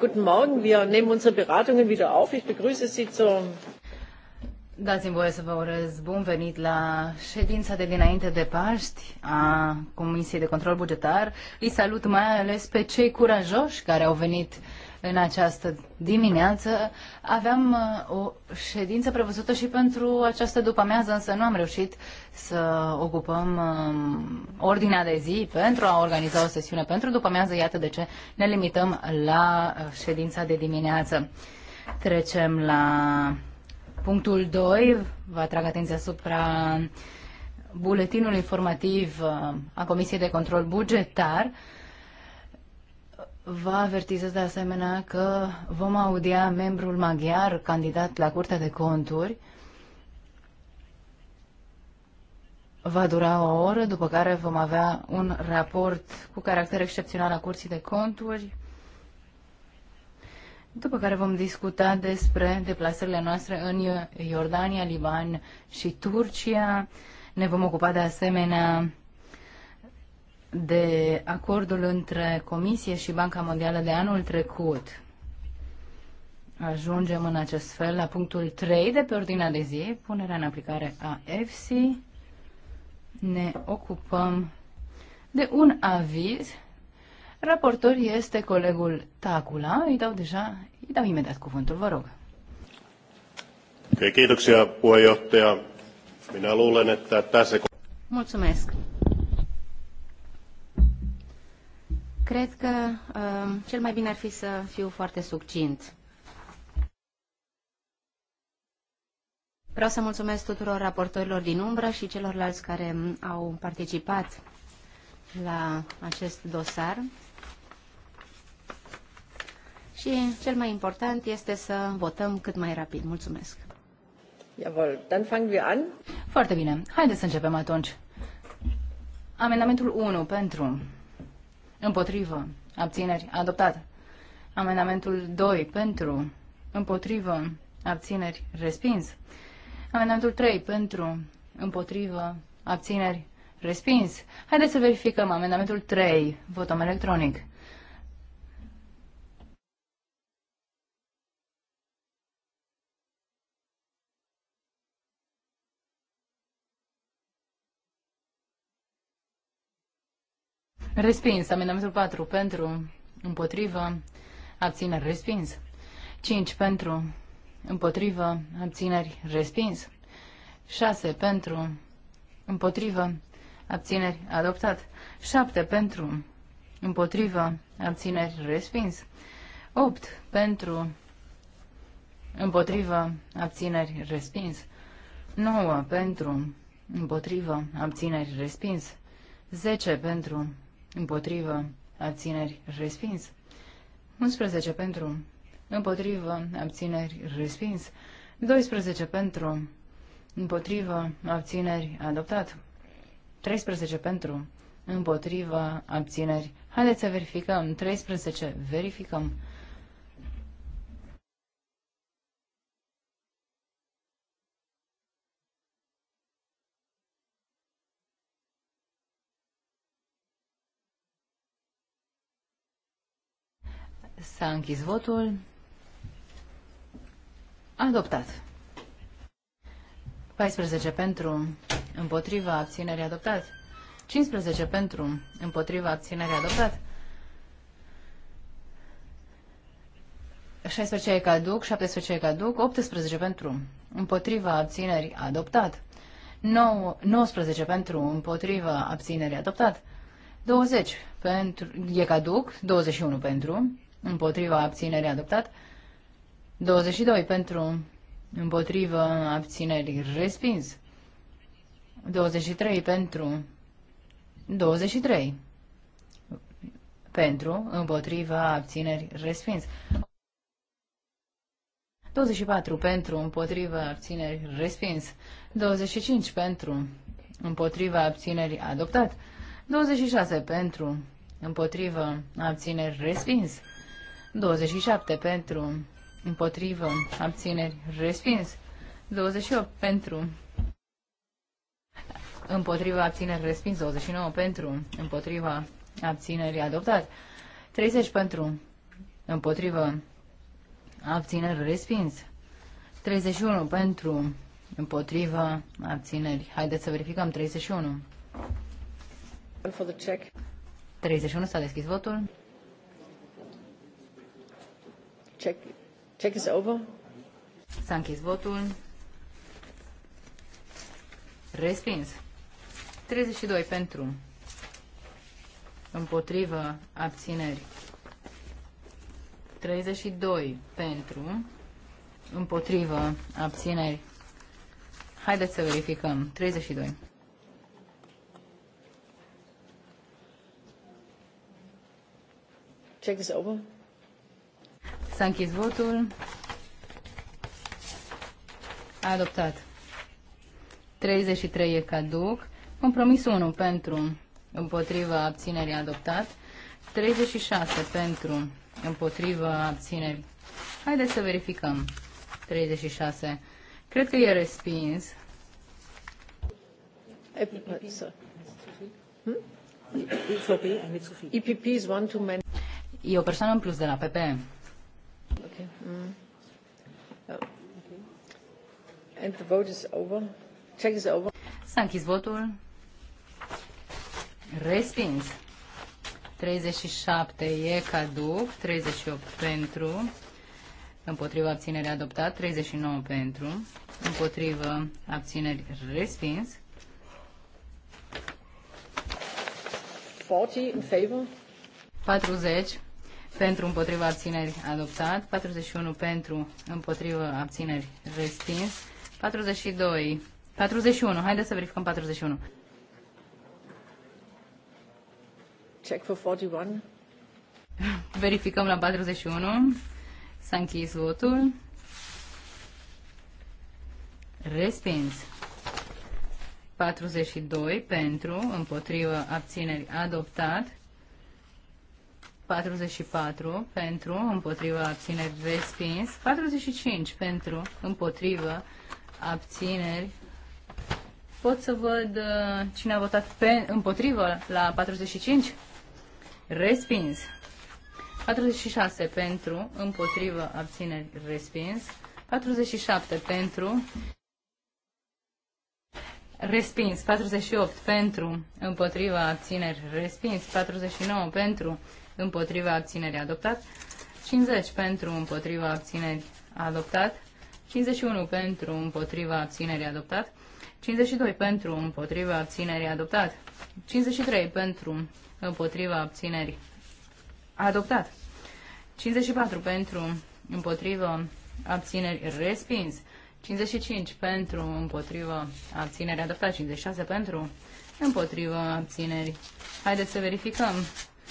Guten Morgen, wir nehmen unsere Beratungen wieder auf. Ich begrüße Sie Dați-mi voie să vă urez bun venit la ședința de dinainte de Paști a Comisiei de Control Bugetar. Îi salut mai ales pe cei curajoși care au venit în această dimineață. Aveam uh, o ședință prevăzută și pentru această după-amiază, însă nu am reușit să ocupăm um, ordinea de zi pentru a organiza o sesiune pentru după-amiază. Iată de ce ne limităm la uh, ședința de dimineață. Trecem la punctul 2. Vă atrag atenția asupra buletinul informativ uh, a Comisiei de Control Bugetar. Uh, Vă avertizez de asemenea că vom audia membrul maghiar candidat la Curtea de Conturi. Va dura o oră, după care vom avea un raport cu caracter excepțional a Curții de Conturi, după care vom discuta despre deplasările noastre în Iordania, Liban și Turcia. Ne vom ocupa de asemenea de acordul între Comisie și Banca Mondială de anul trecut. Ajungem în acest fel la punctul 3 de pe ordinea de zi, punerea în aplicare a EFSI. Ne ocupăm de un aviz. Raportor este colegul Tacula. Îi dau deja, îi dau imediat cuvântul, vă rog. Kiitoksia puheenjohtaja. Minä luulen, että tässä... Mulțumesc. Cred că uh, cel mai bine ar fi să fiu foarte succint. Vreau să mulțumesc tuturor raportorilor din umbră și celorlalți care au participat la acest dosar. Și cel mai important este să votăm cât mai rapid. Mulțumesc! Jawohl, dann fangen wir an. Foarte bine. Haideți să începem atunci. Amendamentul 1 pentru Împotrivă. Abțineri. Adoptat. Amendamentul 2. Pentru. Împotrivă. Abțineri. Respins. Amendamentul 3. Pentru. Împotrivă. Abțineri. Respins. Haideți să verificăm amendamentul 3. Votăm electronic. Respins. Amendamentul 4 pentru, împotrivă, abțineri. Respins. 5 pentru, împotrivă, abțineri. Respins. 6 pentru, împotrivă, abțineri. Adoptat. 7 pentru, împotrivă, abțineri. Respins. 8 pentru, împotrivă, abțineri. Respins. 9 pentru, împotrivă, abțineri. Respins. 10 pentru, împotrivă, abțineri, respins. 11 pentru, împotrivă, abțineri, respins. 12 pentru, împotrivă, abțineri, adoptat. 13 pentru, împotrivă, abțineri. Haideți să verificăm. 13, verificăm. S-a închis votul. Adoptat. 14 pentru, împotriva abținerii adoptat. 15 pentru, împotriva abținerii adoptat. 16 e caduc, 17 e caduc, 18 pentru, împotriva abținerii adoptat. 9, 19 pentru, împotriva abținerii adoptat. 20 pentru, e caduc, 21 pentru, împotriva abținerii adoptat, 22 pentru Împotrivă abținerii respins, 23 pentru 23 pentru împotriva abținerii respins. 24 pentru, împotriva abțineri, respins. 25 pentru, împotriva abțineri, adoptat. 26 pentru, împotriva abțineri, respins. 27 pentru, împotrivă, abțineri, respins. 28 pentru, împotriva abțineri, respins. 29 pentru, împotriva abțineri, adoptat. 30 pentru, împotrivă, abțineri, respins. 31 pentru, împotriva abțineri. Haideți să verificăm 31. 31 s-a deschis votul. Check. Check is over. S-a închis votul. Respins. 32 pentru. Împotrivă abțineri. 32 pentru. Împotrivă abțineri. Haideți să verificăm. 32. Check is over. S-a închis votul. A adoptat. 33 e caduc. Compromisul 1 pentru împotriva abținerii adoptat. 36 pentru împotriva abținerii. Haideți să verificăm. 36. Cred că e respins. E o persoană în plus de la PP. Okay. Mm. Oh. And the vote is over. Check is over. S-a închis votul. Respins. 37 e caduc, 38 pentru, împotriva abținere adoptat, 39 pentru, împotriva abțineri respins. 40 în favor. 40 pentru împotriva abțineri adoptat, 41 pentru împotriva abțineri respins, 42, 41, haideți să verificăm 41. Check for 41. Verificăm la 41. S-a închis votul. Respins. 42 pentru, împotriva abțineri, adoptat. 44 pentru, împotriva abțineri respins, 45 pentru, împotriva abțineri. Pot să văd uh, cine a votat pe, împotriva la 45? Respins. 46 pentru, împotriva abțineri respins. 47 pentru, respins. 48 pentru, împotriva abțineri respins. 49 pentru, împotriva abținerii adoptat, 50 pentru împotriva abțineri adoptat, 51 pentru împotriva abținerii adoptat, 52 pentru împotriva abținerii adoptat, 53 pentru împotriva abținerii adoptat, 54 pentru împotriva abținerii respins, 55 pentru împotriva abținerii adoptat, 56 pentru împotriva abținerii. Haideți să verificăm. 56.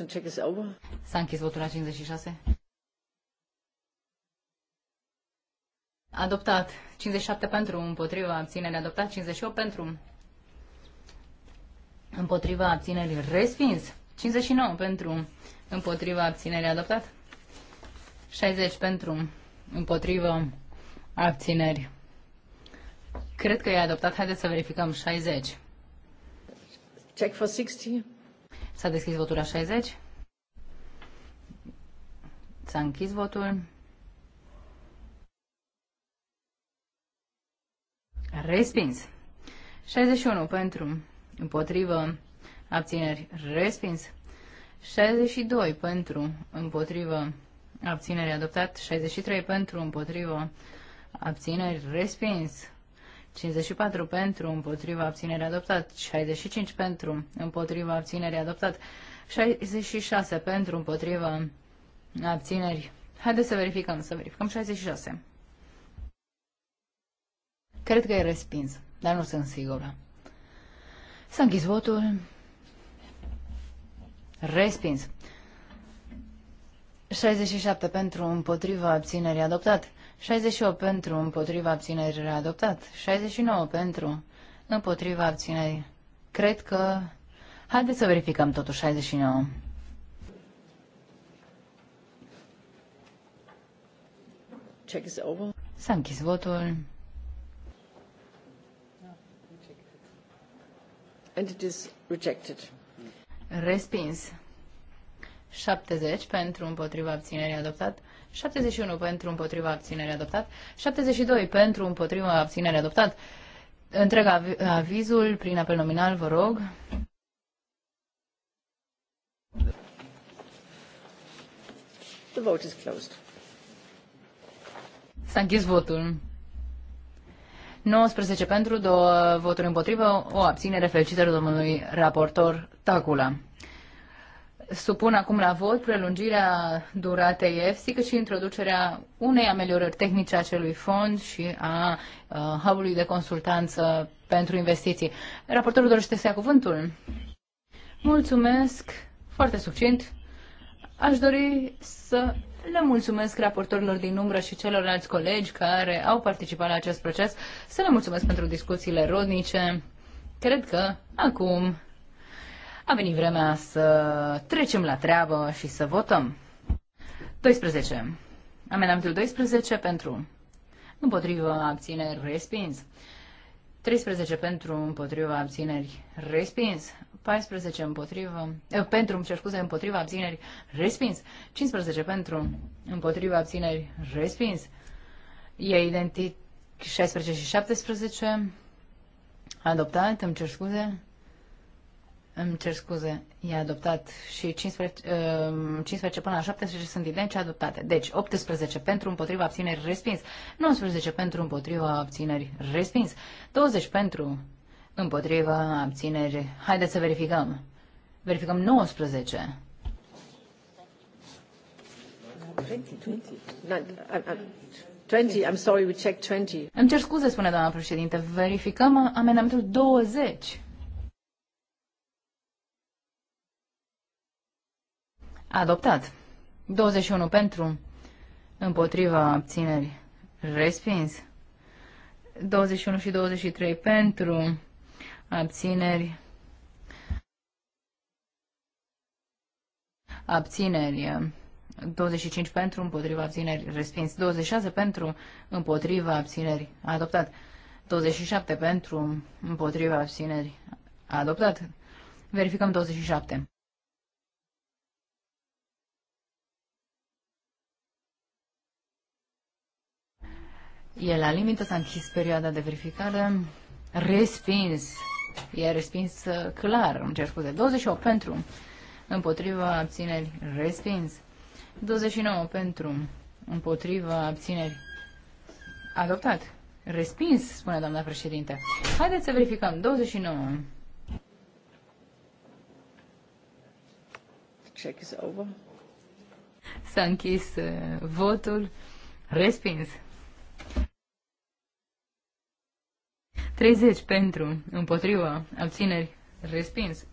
and check is over. S-a închis votul la 56. Adoptat. 57 pentru, împotriva abținere adoptat, 58 pentru, împotriva abținerii respins, 59 pentru, împotriva abținerii adoptat, 60 pentru, împotrivă, abțineri. Cred că e adoptat. Haideți să verificăm. 60. Check for 60. S-a deschis votul la 60. S-a închis votul. Respins. 61 pentru, împotrivă, abțineri, respins. 62 pentru, împotrivă, abțineri adoptat, 63 pentru, împotrivă, abțineri respins, 54 pentru, împotriva abținere adoptat, 65 pentru, împotriva abținere adoptat, 66 pentru, împotriva abțineri. Haideți să verificăm, să verificăm 66. Cred că e respins, dar nu sunt sigură. S-a închis votul. Respins. 67 pentru împotriva abțineri adoptat. 68 pentru împotriva abțineri adoptat. 69 pentru împotriva abțineri. Cred că... Haideți să verificăm totuși 69. Check is over. S-a închis votul. And it is rejected. Respins. 70 pentru împotriva abținerii adoptat, 71 pentru împotriva abținerii adoptat, 72 pentru împotriva abținerii adoptat. Întreg avizul prin apel nominal, vă rog. The vote is closed. S-a închis votul. 19 pentru, două voturi împotrivă, o abținere. Felicitări domnului raportor Tacula supun acum la vot prelungirea duratei EFSI, cât și introducerea unei ameliorări tehnice a acelui fond și a uh, hub de consultanță pentru investiții. Raportorul dorește să ia cuvântul. Mulțumesc, foarte succint. Aș dori să le mulțumesc raportorilor din umbră și celorlalți colegi care au participat la acest proces, să le mulțumesc pentru discuțiile rodnice. Cred că acum a venit vremea să trecem la treabă și să votăm. 12. Amendamentul 12 pentru. Împotrivă abțineri respins. 13 pentru împotriva abțineri respins. 14 împotrivă, eh, pentru, îmi cer scuze, împotriva abțineri respins. 15 pentru împotriva abțineri respins. E identic 16 și 17 adoptat, îmi cer scuze. Îmi cer scuze, e adoptat și 15, 15 uh, până la 17 sunt identice adoptate. Deci 18 pentru împotriva abțineri respins, 19 pentru împotriva abțineri respins, 20 pentru împotriva abțineri. Haideți să verificăm. Verificăm 19. 20, 20. I'm sorry, we checked 20. Îmi cer scuze, spune doamna președinte. Verificăm amendamentul 20. Adoptat. 21 pentru, împotriva abțineri, respins. 21 și 23 pentru, abțineri, abțineri, 25 pentru, împotriva abțineri, respins. 26 pentru, împotriva abțineri, adoptat. 27 pentru, împotriva abțineri, adoptat. Verificăm 27. E la limită, s-a închis perioada de verificare. Respins. E respins uh, clar, îmi cer scuze. 28 pentru. Împotriva abțineri. Respins. 29 pentru. Împotriva abțineri. Adoptat. Respins, spune doamna președinte. Haideți să verificăm. 29. Check is over. S-a închis uh, votul. Respins. 30 pentru, împotriva, abțineri, respins.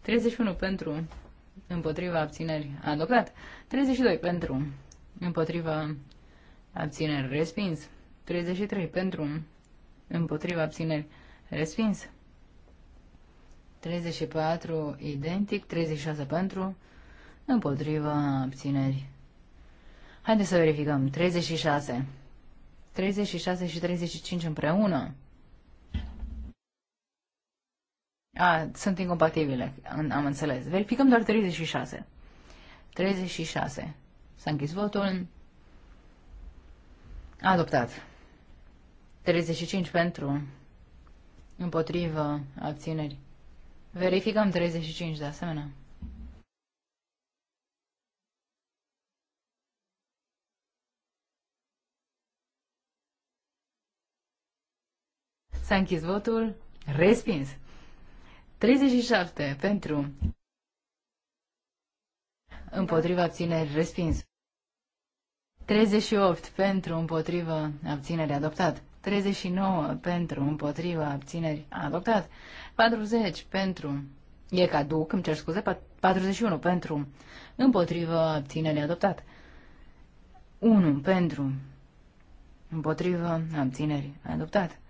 31 pentru, împotriva, abțineri, adoptat. 32 pentru, împotriva, abțineri, respins. 33 pentru, împotriva, abțineri, respins. 34 identic, 36 pentru, împotriva, abțineri. Haideți să verificăm. 36. 36 și 35 împreună. A, sunt incompatibile, am înțeles. Verificăm doar 36. 36. S-a închis votul. Adoptat. 35 pentru, împotrivă, abțineri. Verificăm 35 de asemenea. S-a închis votul. Respins. 37 pentru. Împotriva abțineri respins. 38 pentru împotriva abțineri adoptat. 39 pentru împotriva abțineri adoptat. 40 pentru e caduc, îmi cer scuze, 41 pentru împotriva abțineri adoptat. 1 pentru împotriva abțineri adoptat.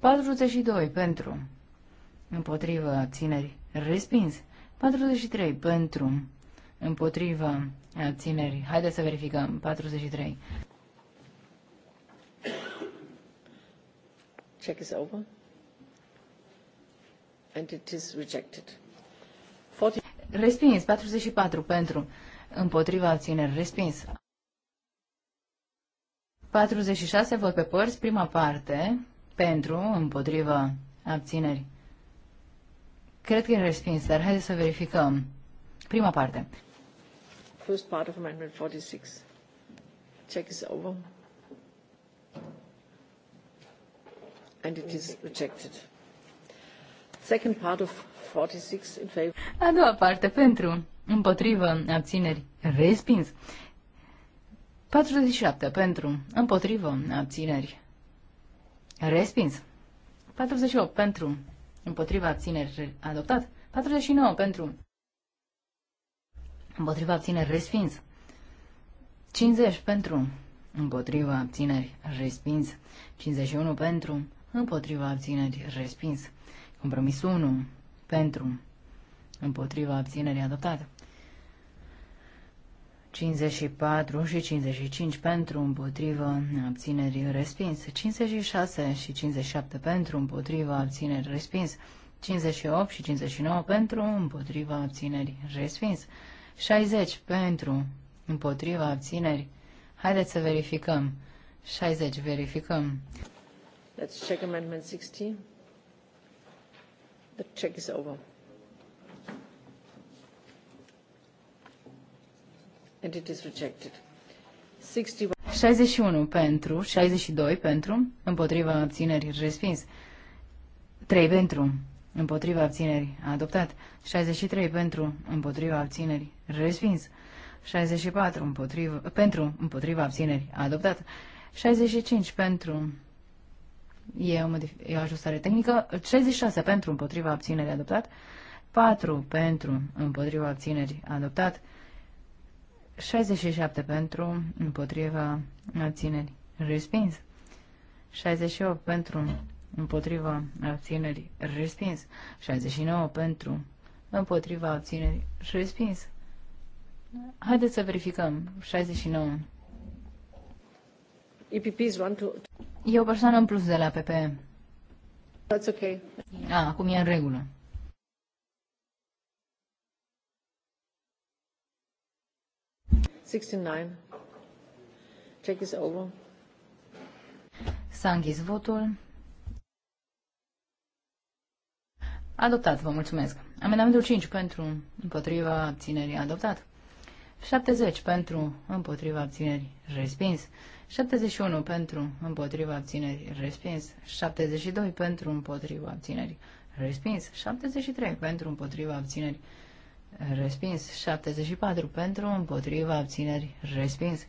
42 pentru Împotrivă abțineri respins. 43 pentru. Împotrivă abțineri. Haideți să verificăm. 43. Check is over. And it is rejected. 40... Respins. 44 pentru. Împotrivă abțineri. Respins. 46 vot pe părți, prima parte, pentru, împotrivă, abțineri, Cred că e respins, dar haideți să verificăm. Prima parte. First part of amendment 46. Check is over. And it is rejected. Second part of 46 in favor. A doua parte pentru, împotrivă, abțineri, respins. 47 pentru, împotrivă, abțineri, respins. 48 pentru, Împotriva abțineri adoptat. 49 pentru. Împotriva abțineri respins. 50 pentru. Împotriva abțineri respins. 51 pentru. Împotriva abțineri respins. Compromisul 1 pentru. Împotriva abținerii adoptată. 54 și 55 pentru, împotrivă, abțineri respins. 56 și 57 pentru, împotrivă, abțineri respins. 58 și 59 pentru, împotrivă, abțineri respins. 60 pentru, împotrivă, abțineri. Haideți să verificăm. 60 verificăm. Let's check amendment 60. The check is over. And it is rejected. 61. pentru, 62 pentru, împotriva abțineri, respins. 3 pentru, împotriva abțineri, adoptat. 63 pentru, împotriva abțineri, respins. 64 împotriva, pentru, împotriva abțineri, adoptat. 65 pentru, e o, e o ajustare tehnică. 66 pentru, împotriva abțineri, adoptat. 4 pentru, împotriva abțineri, adoptat. 67 pentru, împotriva abținerii. Respins. 68 pentru, împotriva abținerii. Respins. 69 pentru, împotriva abținerii. Respins. Haideți să verificăm. 69. EPPs want to... E o persoană în plus de la PP. That's okay. Ah, acum e în regulă. 69. over. S-a închis votul. Adoptat, vă mulțumesc. Amendamentul 5 pentru împotriva abținerii adoptat. 70 pentru împotriva abținerii respins. 71 pentru împotriva abținerii respins. 72 pentru împotriva abținerii respins. 73 pentru împotriva abținerii respins. 74 pentru, împotriva abțineri, respins.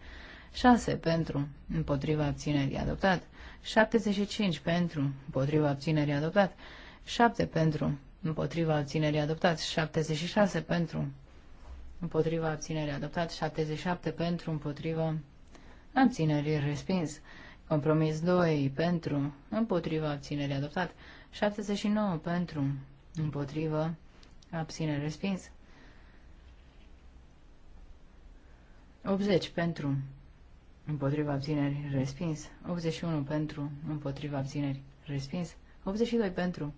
6 pentru, împotriva abțineri adoptat. 75 pentru, împotriva abțineri adoptat. 7 pentru, împotriva abținerii, adoptat. 76 pentru, împotriva abținerii, adoptat. 77 pentru, împotriva abținerii, respins. Compromis 2 pentru, împotriva abținerii, adoptat. 79 pentru, împotriva abținere, respins. 80 pentru, împotriva abțineri, respins. 81 pentru, împotriva abțineri, respins. 82 pentru,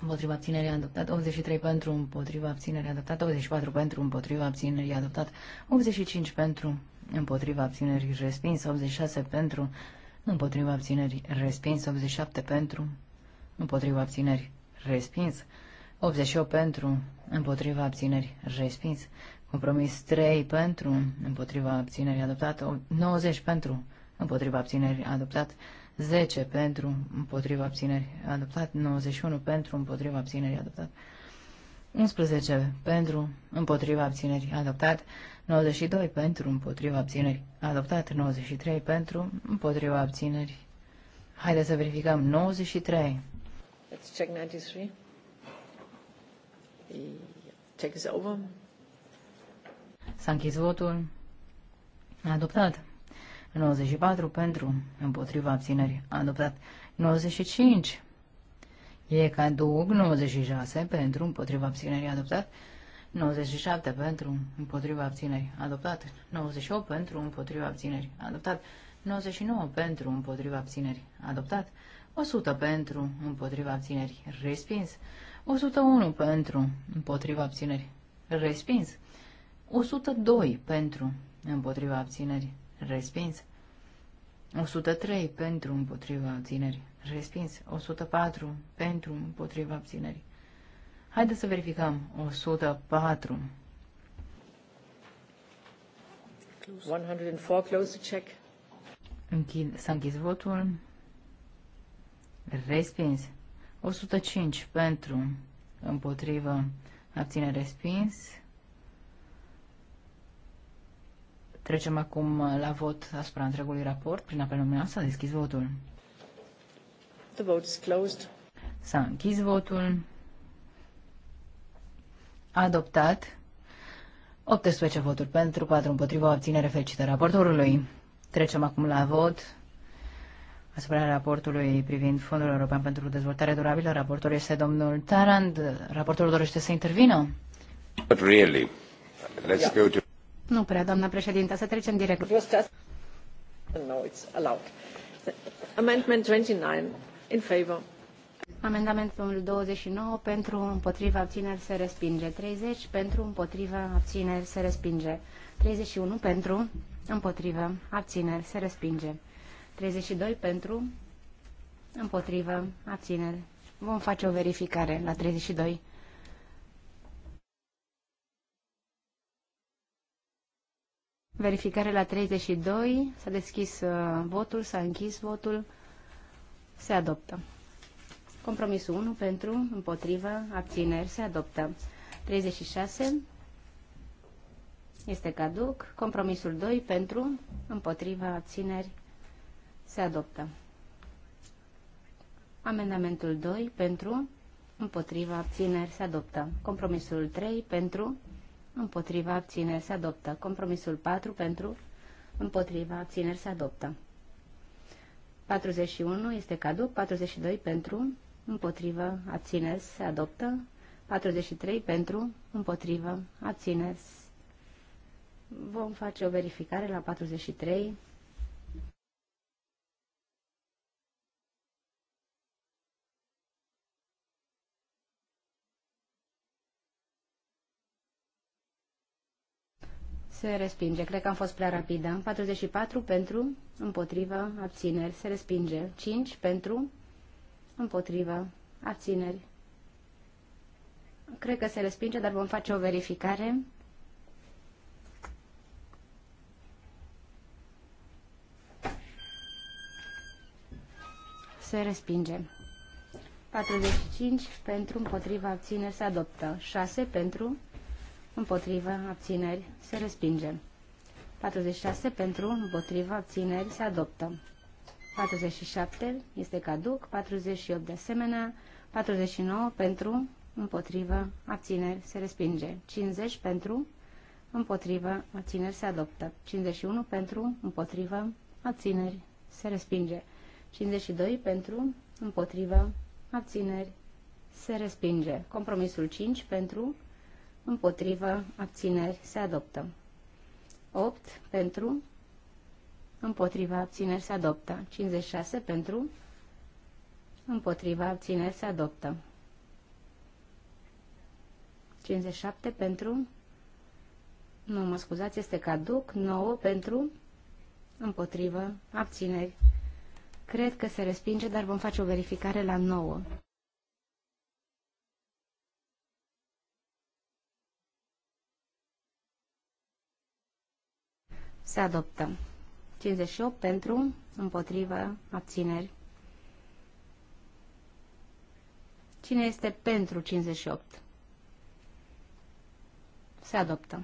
împotriva abținerii adoptat. 83 pentru, împotriva abținerii adoptat. 84 pentru, împotriva abținerii adoptat. 85 pentru, împotriva abținerii respins. 86 pentru, împotriva abținerii respins. 87 pentru, împotriva abținerii respins. 88 pentru, împotriva abținerii, respins. Compromis 3 pentru, împotriva abținerii adoptat, 90 pentru, împotriva abținerii adoptat, 10 pentru, împotriva abținerii adoptat, 91 pentru, împotriva abținerii adoptat, 11 pentru, împotriva abținerii adoptat, 92 pentru, împotriva abținerii adoptat, 93 pentru, împotriva abținerii. Haideți să verificăm, 93. Let's check 93. Check is over. S-a închis votul. Adoptat. 94 pentru, împotriva abținerii. Adoptat. 95. E caduc. 96 pentru, împotriva abținerii. Adoptat. 97 pentru, împotriva abținerii. Adoptat. 98 pentru, împotriva abținerii. Adoptat. 99 pentru, împotriva abținerii. Adoptat. 100 pentru, împotriva abținerii. Respins. 101 pentru, împotriva abținerii. Respins. 102 pentru, împotriva abținerii, respins. 103 pentru, împotriva abținerii, respins. 104 pentru, împotriva abținerii. Haideți să verificăm. 104. 104, close the check. Închid, s-a închis votul. Respins. 105 pentru, împotriva abține respins. Trecem acum la vot asupra întregului raport. Prin apelul meu s-a deschis votul. The vote is closed. S-a închis votul. Adoptat. 18 voturi pentru, 4 împotriva, obținere fericită raportorului. Trecem acum la vot asupra raportului privind Fondul European pentru Dezvoltare Durabilă. Raportorul este domnul Tarand. Raportorul dorește să intervină? But really, let's yeah. go to... Nu prea, doamna președintă, să trecem direct. No, it's allowed. Amendment 29 in favor. Amendamentul 29 pentru împotriva abțineri se respinge. 30 pentru împotriva abțineri se respinge. 31 pentru împotriva abțineri se respinge. 32 pentru împotriva abțineri. Vom face o verificare la 32. Verificare la 32. S-a deschis uh, votul, s-a închis votul. Se adoptă. Compromisul 1 pentru, împotrivă, abțineri, se adoptă. 36 este caduc. Compromisul 2 pentru, împotrivă, abțineri, se adoptă. Amendamentul 2 pentru, împotrivă, abțineri, se adoptă. Compromisul 3 pentru, împotriva abțineri se adoptă. Compromisul 4 pentru, împotriva abțineri se adoptă. 41 este caduc, 42 pentru, împotriva abțineri se adoptă, 43 pentru, împotriva abțineri. Vom face o verificare la 43. se respinge. Cred că am fost prea rapidă. 44 pentru, împotrivă, abțineri, se respinge. 5 pentru, împotrivă, abțineri. Cred că se respinge, dar vom face o verificare. Se respinge. 45 pentru, împotriva, abțineri, se adoptă. 6 pentru, împotrivă, abțineri, se respinge. 46 pentru, împotrivă, abțineri, se adoptă. 47 este caduc, 48 de asemenea, 49 pentru, împotrivă, abțineri, se respinge. 50 pentru, împotrivă, abțineri, se adoptă. 51 pentru, împotrivă, abțineri, se respinge. 52 pentru, împotrivă, abțineri, se respinge. Compromisul 5 pentru, împotrivă, abțineri, se adoptă. 8 pentru, împotriva, abțineri, se adoptă. 56 pentru, împotriva, abțineri, se adoptă. 57 pentru, nu mă scuzați, este caduc, 9 pentru, împotrivă, abțineri. Cred că se respinge, dar vom face o verificare la 9. Se adoptă. 58 pentru, împotrivă, abțineri. Cine este pentru 58? Se adoptă.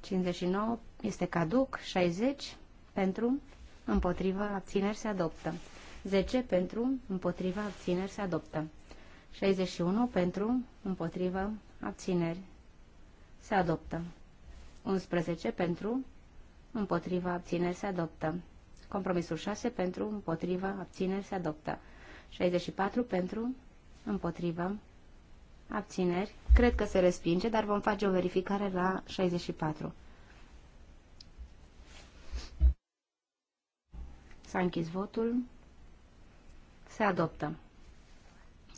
59 este caduc, 60 pentru, împotrivă, abțineri se adoptă. 10 pentru, împotrivă, abțineri se adoptă. 61 pentru, împotrivă, abțineri se adoptă. 11 pentru, împotriva, abțineri se adoptă. Compromisul 6 pentru, împotriva, abțineri se adoptă. 64 pentru, împotriva, abțineri. Cred că se respinge, dar vom face o verificare la 64. S-a închis votul. Se adoptă.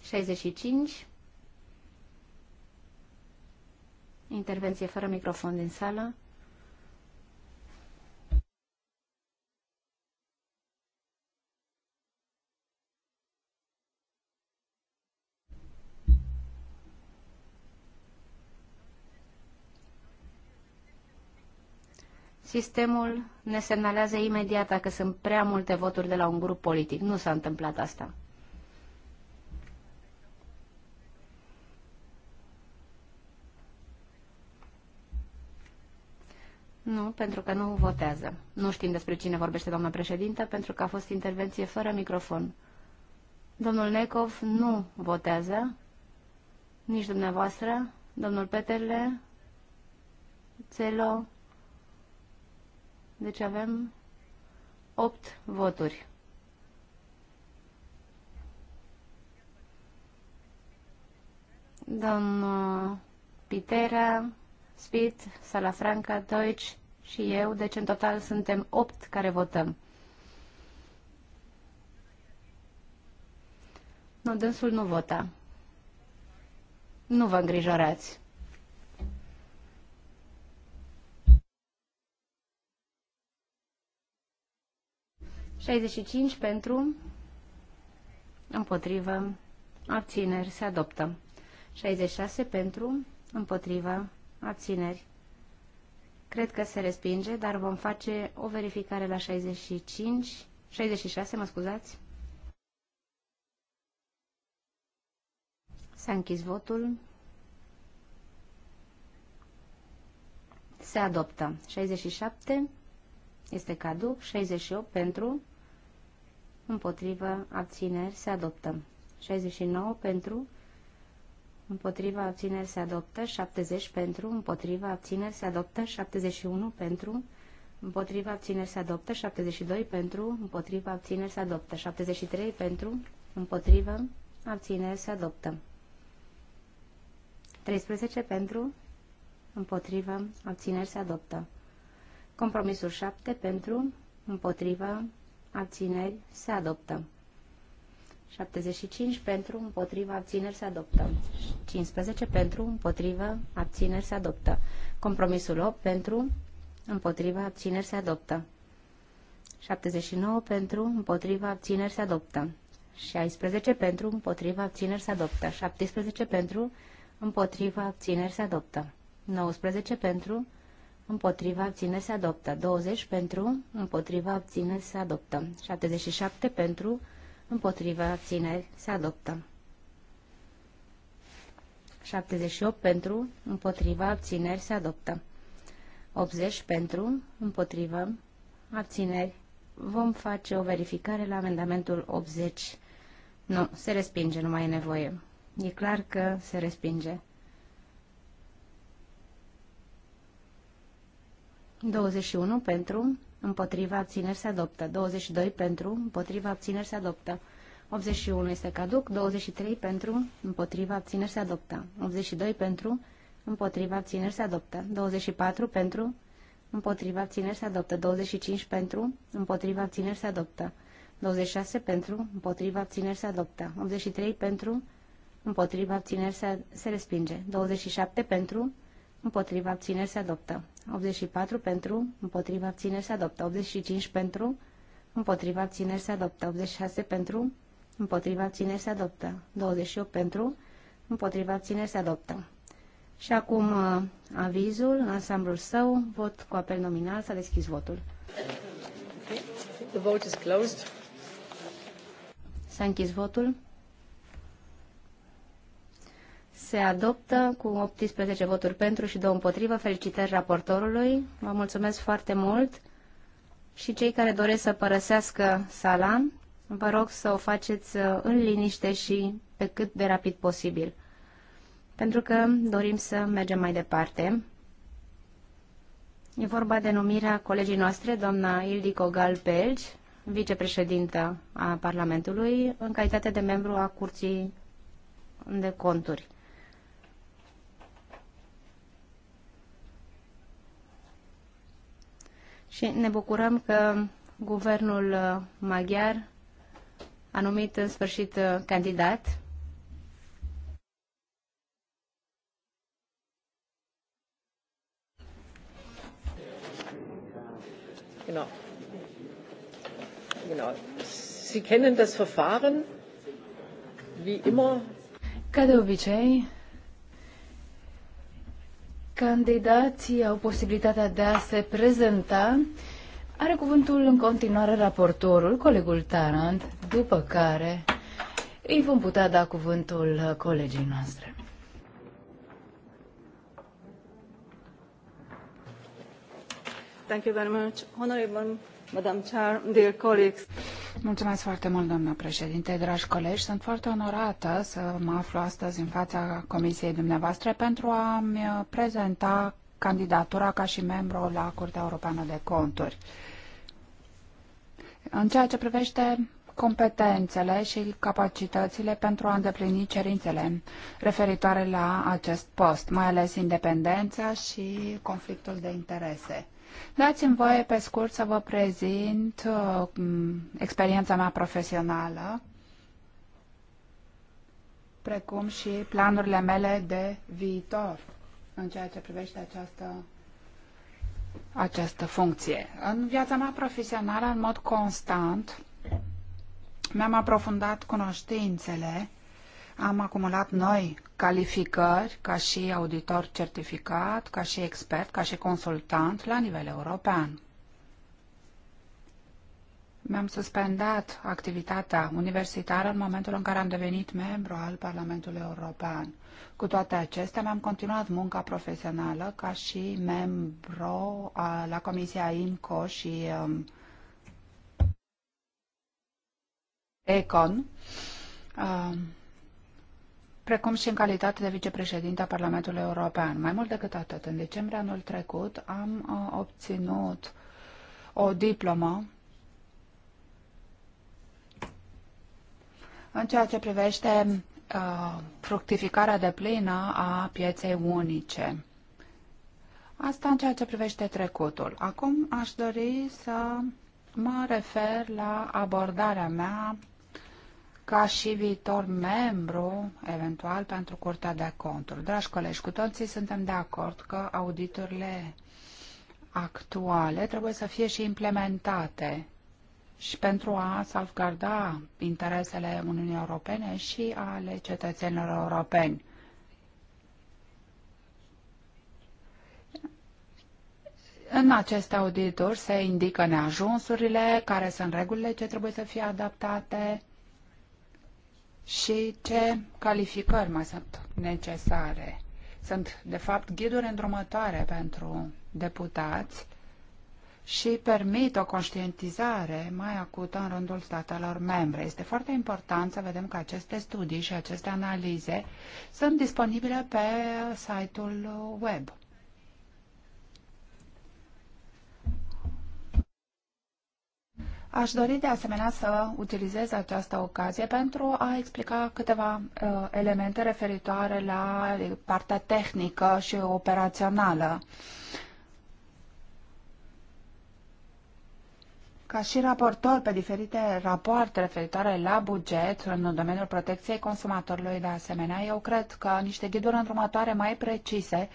65 Intervenție fără microfon din sală. Sistemul ne semnalează imediat dacă sunt prea multe voturi de la un grup politic. Nu s-a întâmplat asta. Nu, pentru că nu votează. Nu știm despre cine vorbește doamna președintă, pentru că a fost intervenție fără microfon. Domnul Necov nu votează, nici dumneavoastră, domnul Peterle, Țelo. Deci avem 8 voturi. Domnul Pitera, Spit, Salafranca, Deutsch și eu, deci în total suntem 8 care votăm. Nu, dânsul nu vota. Nu vă îngrijorați. cinci pentru, împotrivă, abțineri, se adoptă. 66 pentru, împotrivă, abțineri. Cred că se respinge, dar vom face o verificare la 65, 66, mă scuzați. S-a închis votul. Se adoptă. 67 este caduc, 68 pentru, împotrivă, abțineri, se adoptă. 69 pentru, împotriva abțineri se adoptă, 70 pentru, împotriva abțineri se adoptă, 71 pentru, împotriva abțineri se adoptă, 72 pentru, împotriva abțineri se adoptă, 73 pentru, împotriva abțineri se adoptă. 13 pentru, împotriva abțineri se adoptă. Compromisul 7 pentru, împotriva abțineri se adoptă. 75 pentru, împotriva, abțineri se adoptă. 15 pentru, împotriva, abțineri se adoptă. Compromisul 8 pentru, împotriva, abțineri se adoptă. 79 pentru, împotriva, abțineri se adoptă. 16 pentru, împotriva, abțineri se adoptă. 17 pentru, împotriva, abțineri se adoptă. 19 pentru, împotriva, abțineri se adoptă. 20 pentru, împotriva, abțineri se adoptă. 77 pentru, împotriva, împotrivă, abțineri, se adoptă. 78 pentru, împotriva, abțineri, se adoptă. 80 pentru, împotriva abțineri. Vom face o verificare la amendamentul 80. Nu, se respinge, nu mai e nevoie. E clar că se respinge. 21 pentru, împotriva abțineri se adoptă. 22 pentru, împotriva abțineri se adoptă. 81 este caduc, 23 pentru, împotriva abțineri se adoptă. 82 pentru, împotriva abțineri se adoptă. 24 pentru, împotriva abțineri se adoptă. 25 pentru, împotriva abțineri se adoptă. 26 pentru, împotriva abțineri se adoptă. 83 pentru, împotriva abțineri se, se respinge. 27 pentru, împotriva abțineri se adoptă. 84 pentru, împotriva abțineri se adoptă. 85 pentru, împotriva abțineri se adoptă. 86 pentru, împotriva abțineri se adoptă. 28 pentru, împotriva abțineri se adoptă. Și acum uh, avizul ansamblul său, vot cu apel nominal, s-a deschis votul. The vote is closed. S-a închis votul se adoptă cu 18 voturi pentru și două împotrivă. Felicitări raportorului. Vă mulțumesc foarte mult. Și cei care doresc să părăsească sala, vă rog să o faceți uh, în liniște și pe cât de rapid posibil. Pentru că dorim să mergem mai departe. E vorba de numirea colegii noastre, doamna Ildico Galpelgi, vicepreședintă a Parlamentului, în calitate de membru a Curții de Conturi. Și ne bucurăm că guvernul uh, maghiar a numit în sfârșit uh, candidat Genau. Genau. Sie kennen das Verfahren, wie immer. Ca de obicei, Candidații au posibilitatea de a se prezenta. Are cuvântul în continuare raportorul, colegul Tarant, după care îi vom putea da cuvântul colegii noastre. Thank you very much. Honorable Madam Chair, dear colleagues. Mulțumesc foarte mult, doamnă președinte, dragi colegi. Sunt foarte onorată să mă aflu astăzi în fața comisiei dumneavoastră pentru a-mi prezenta candidatura ca și membru la Curtea Europeană de Conturi. În ceea ce privește competențele și capacitățile pentru a îndeplini cerințele referitoare la acest post, mai ales independența și conflictul de interese. Dați-mi voie pe scurt să vă prezint uh, experiența mea profesională, precum și planurile mele de viitor în ceea ce privește această această funcție. În viața mea profesională, în mod constant, mi-am aprofundat cunoștințele am acumulat noi calificări ca și auditor certificat, ca și expert, ca și consultant la nivel european. Mi-am suspendat activitatea universitară în momentul în care am devenit membru al Parlamentului European. Cu toate acestea, mi-am continuat munca profesională ca și membru la Comisia IMCO și um, ECON. Um, precum și în calitate de vicepreședinte a Parlamentului European. Mai mult decât atât, în decembrie anul trecut am uh, obținut o diplomă în ceea ce privește uh, fructificarea de plină a pieței unice. Asta în ceea ce privește trecutul. Acum aș dori să mă refer la abordarea mea ca și viitor membru, eventual, pentru Curtea de Conturi. Dragi colegi, cu toții suntem de acord că auditurile actuale trebuie să fie și implementate și pentru a salvgarda interesele Uniunii Europene și ale cetățenilor europeni. În aceste audituri se indică neajunsurile, care sunt regulile ce trebuie să fie adaptate, și ce calificări mai sunt necesare. Sunt, de fapt, ghiduri îndrumătoare pentru deputați și permit o conștientizare mai acută în rândul statelor membre. Este foarte important să vedem că aceste studii și aceste analize sunt disponibile pe site-ul web. Aș dori de asemenea să utilizez această ocazie pentru a explica câteva uh, elemente referitoare la partea tehnică și operațională. Uh, Ca și raportor pe diferite rapoarte referitoare la buget în domeniul protecției consumatorilor, de asemenea, eu cred că niște ghiduri îndrumătoare mai precise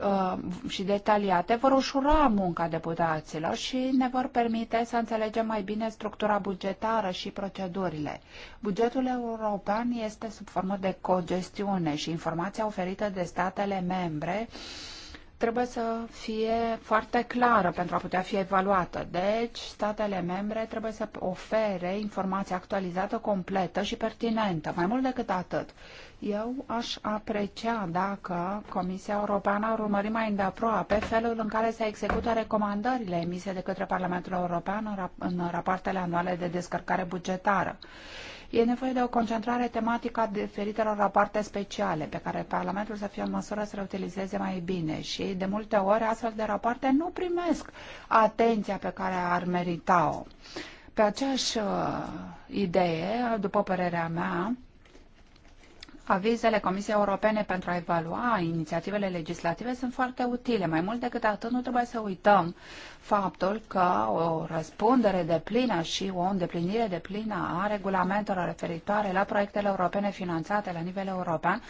uh, și detaliate vor ușura munca deputaților și ne vor permite să înțelegem mai bine structura bugetară și procedurile. Bugetul european este sub formă de cogestiune și informația oferită de statele membre uh, trebuie să fie foarte clară pentru a putea fi evaluată. Deci, statele membre trebuie să ofere informația actualizată, completă și pertinentă. Mai mult decât atât, eu aș aprecia dacă Comisia Europeană ar urmări mai îndeaproape felul în care se execută recomandările emise de către Parlamentul European în, în rapoartele anuale de descărcare bugetară E nevoie de o concentrare tematică a diferitelor rapoarte speciale pe care Parlamentul să fie în măsură să le utilizeze mai bine și de multe ori astfel de rapoarte nu primesc atenția pe care ar merita-o. Pe aceeași uh, idee, după părerea mea, Avizele Comisiei Europene pentru a evalua inițiativele legislative sunt foarte utile. Mai mult decât atât, nu trebuie să uităm faptul că o răspundere de plină și o îndeplinire de plină a regulamentelor referitoare la proiectele europene finanțate la nivel european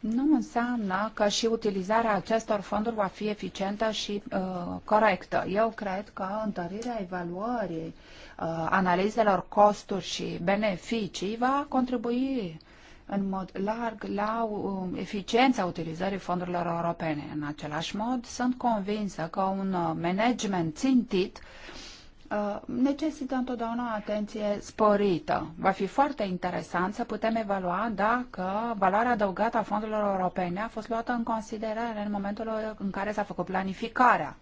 nu înseamnă că și utilizarea acestor fonduri va fi eficientă și uh, corectă. Eu cred că întărirea evaluării uh, analizelor costuri și beneficii va contribui în mod larg la um, eficiența utilizării fondurilor europene. În același mod, sunt convinsă că un uh, management țintit uh, necesită întotdeauna atenție sporită. Va fi foarte interesant să putem evalua dacă valoarea adăugată a fondurilor europene a fost luată în considerare în momentul în care s-a făcut planificarea.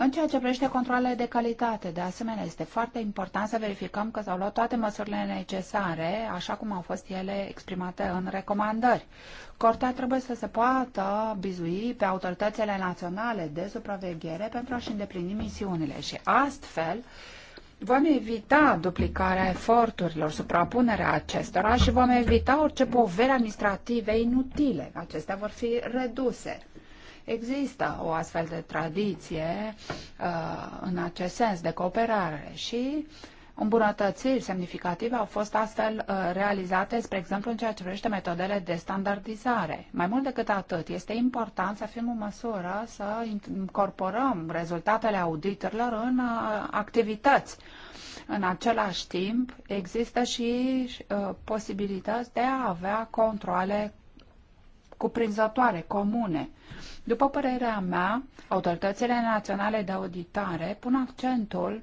În ceea ce privește controlele de calitate, de asemenea, este foarte important să verificăm că s-au luat toate măsurile necesare, așa cum au fost ele exprimate în recomandări. Cortea trebuie să se poată bizui pe autoritățile naționale de supraveghere pentru a-și îndeplini misiunile și astfel Vom evita duplicarea eforturilor, suprapunerea acestora și vom evita orice povere administrative inutile. Acestea vor fi reduse. Există o astfel de tradiție uh, în acest sens de cooperare și îmbunătățiri semnificative au fost astfel uh, realizate, spre exemplu, în ceea ce privește metodele de standardizare. Mai mult decât atât, este important să fim în măsură să incorporăm rezultatele auditorilor în uh, activități. În același timp, există și uh, posibilități de a avea controle cuprinzătoare, comune. După părerea mea, autoritățile naționale de auditare pun accentul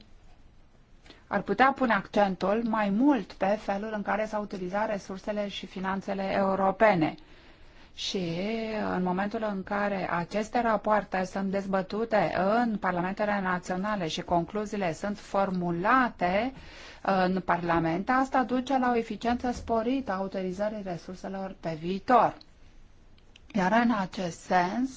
ar putea pune accentul mai mult pe felul în care s-au utilizat resursele și finanțele europene. Și în momentul în care aceste rapoarte sunt dezbătute în parlamentele naționale și concluziile sunt formulate uh, în parlament, asta duce la o eficiență sporită a utilizării resurselor pe viitor. Iar în acest sens,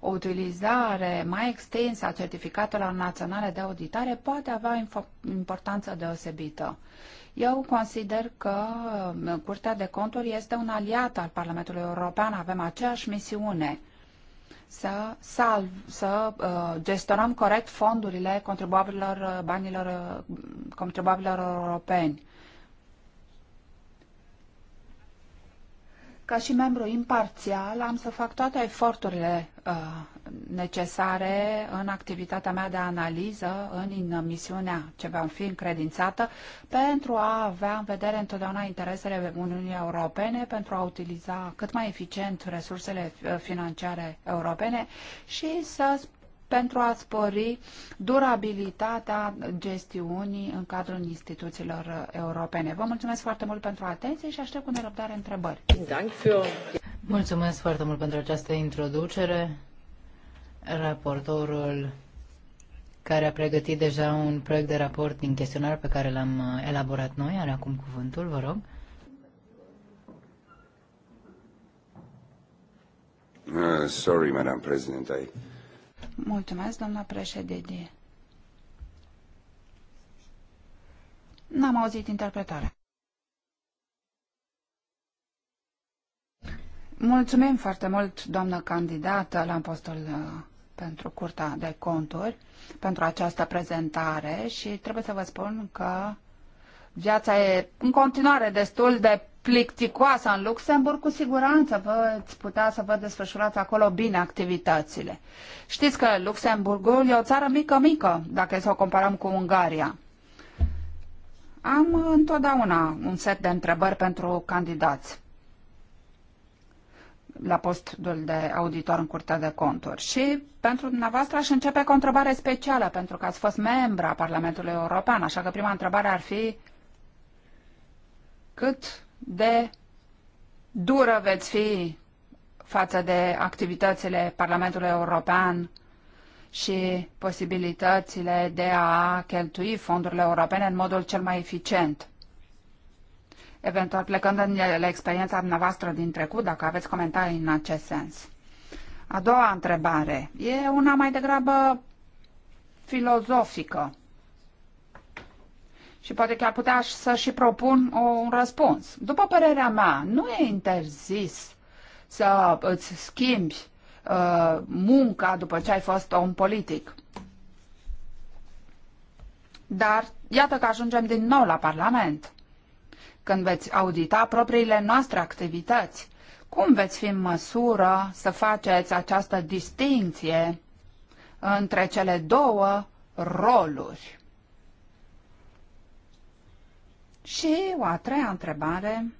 o utilizare mai extinsă a certificatelor naționale de auditare poate avea importanță deosebită. Eu consider că uh, Curtea de Conturi este un aliat al Parlamentului European, avem aceeași misiune să, salv, să uh, gestionăm corect fondurile contribuabililor, uh, banilor contribuabililor europeni Ca și membru imparțial, am să fac toate eforturile uh, necesare în activitatea mea de analiză, în, în misiunea ce va fi încredințată, pentru a avea în vedere întotdeauna interesele Uniunii Europene, pentru a utiliza cât mai eficient resursele uh, financiare europene și să pentru a spori durabilitatea gestiunii în cadrul instituțiilor europene. Vă mulțumesc foarte mult pentru atenție și aștept cu nerăbdare întrebări. Mulțumesc foarte mult pentru această introducere. Raportorul care a pregătit deja un proiect de raport din chestionar pe care l-am uh, elaborat noi, are acum cuvântul, vă rog. Uh, sorry, Madam President, I Mulțumesc, doamna președinte. N-am auzit interpretarea. Mulțumim foarte mult, doamnă candidată la postul uh, pentru Curtea de Conturi, pentru această prezentare și trebuie să vă spun că viața e în continuare destul de plicticoasă în Luxemburg, cu siguranță vă putea să vă desfășurați acolo bine activitățile. Știți că Luxemburgul e o țară mică-mică, dacă e să o comparăm cu Ungaria. Am întotdeauna un set de întrebări pentru candidați la postul de auditor în Curtea de Conturi. Și pentru dumneavoastră aș începe cu o întrebare specială, pentru că ați fost membra Parlamentului European, așa că prima întrebare ar fi cât de dură veți fi față de activitățile Parlamentului European și posibilitățile de a cheltui fondurile europene în modul cel mai eficient. Eventual plecând în la experiența dumneavoastră din trecut, dacă aveți comentarii în acest sens. A doua întrebare e una mai degrabă filozofică și poate că putea să și propun un răspuns. După părerea mea, nu e interzis să îți schimbi uh, munca după ce ai fost om politic. Dar iată că ajungem din nou la Parlament. Când veți audita propriile noastre activități, cum veți fi în măsură să faceți această distinție între cele două roluri? Și o a treia întrebare.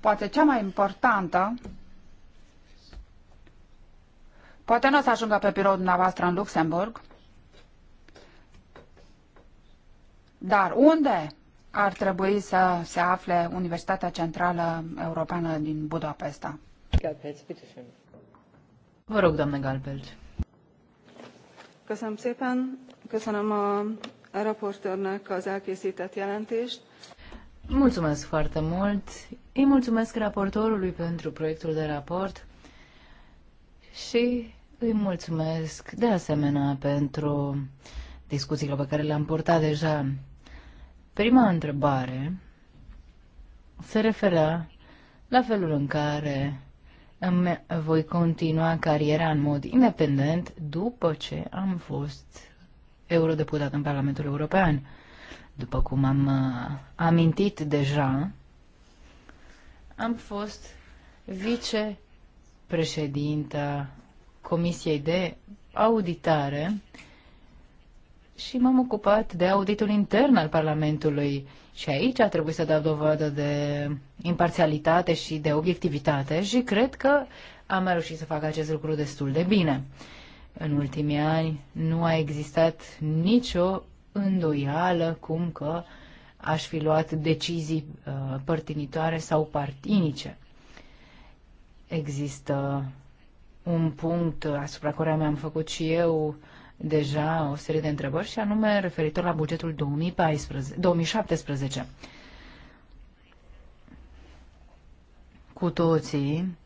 Poate cea mai importantă Poate nu o să ajungă pe biroul dumneavoastră în Luxemburg, dar unde ar trebui să se afle Universitatea Centrală Europeană din Budapesta? Galpelț, Vă rog, doamne Galpelț. Köszönöm szépen, köszönöm a, raportőrnek az elkészített jelentést. Mulțumesc foarte mult. Îi mulțumesc raportorului pentru proiectul de raport și îi mulțumesc de asemenea pentru discuțiile pe care le-am purtat deja. Prima întrebare se referea la felul în care îmi voi continua cariera în mod independent după ce am fost eurodeputat în Parlamentul European. După cum am uh, amintit deja, am fost vicepreședinta Comisiei de Auditare și m-am ocupat de auditul intern al Parlamentului și aici a trebuit să dau dovadă de imparțialitate și de obiectivitate și cred că am reușit să fac acest lucru destul de bine. În ultimii ani nu a existat nicio îndoială cum că aș fi luat decizii uh, părtinitoare sau partinice. Există un punct asupra care mi-am făcut și eu uh, deja o serie de întrebări și anume referitor la bugetul 2014, 2017. Cu toții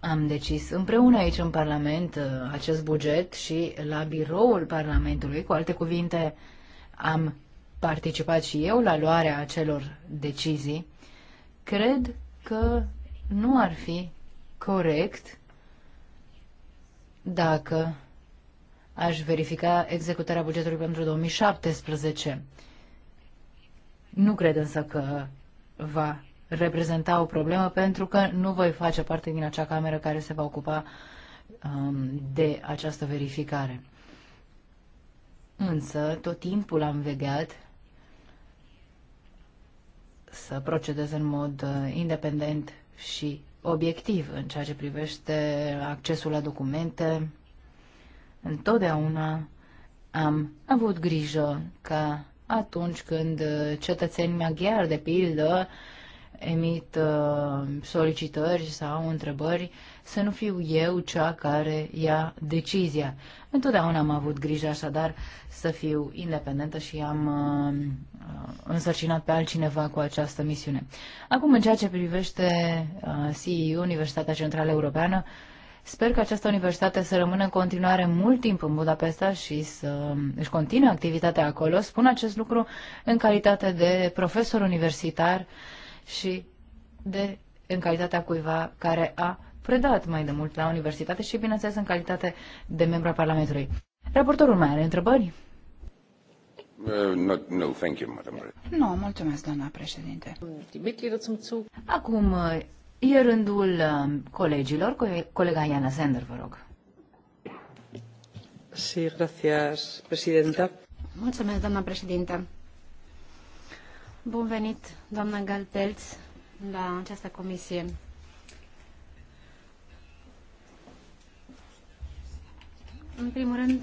am decis împreună aici în Parlament uh, acest buget și la biroul Parlamentului, cu alte cuvinte, am participat și eu la luarea acelor decizii, cred că nu ar fi corect dacă aș verifica executarea bugetului pentru 2017. Nu cred însă că va reprezenta o problemă pentru că nu voi face parte din acea cameră care se va ocupa um, de această verificare. Însă, tot timpul am vegheat să procedez în mod uh, independent și obiectiv în ceea ce privește accesul la documente, Întotdeauna am avut grijă ca atunci când uh, cetățenii maghiari, de pildă, emit uh, solicitări sau întrebări, să nu fiu eu cea care ia decizia. Întotdeauna am avut grijă așadar să fiu independentă și am uh, uh însărcinat pe altcineva cu această misiune. Acum, în ceea ce privește uh, CEU, Universitatea Centrală Europeană, Sper că această universitate să rămână în continuare mult timp în Budapesta și să își continue activitatea acolo. Spun acest lucru în calitate de profesor universitar și de, în calitatea cuiva care a predat mai de mult la universitate și, bineînțeles, în calitate de membru al Parlamentului. Raportorul mai are întrebări? Uh, no, thank you, Madam Nu, mulțumesc, doamna președinte. Acum, E rândul um, colegilor. Colega Iana Sender, vă rog. Sí, gracias, presidenta. Mulțumesc, doamna președintă. Bun venit, doamna Galpelț, la această comisie. În primul rând,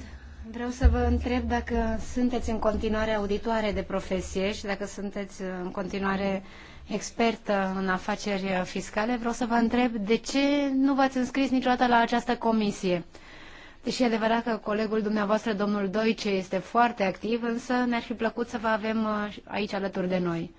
Vreau să vă întreb dacă sunteți în continuare auditoare de profesie și dacă sunteți în continuare expertă în afaceri fiscale. Vreau să vă întreb de ce nu v-ați înscris niciodată la această comisie. Deși e adevărat că colegul dumneavoastră, domnul Doice, este foarte activ, însă ne-ar fi plăcut să vă avem uh, aici alături de noi.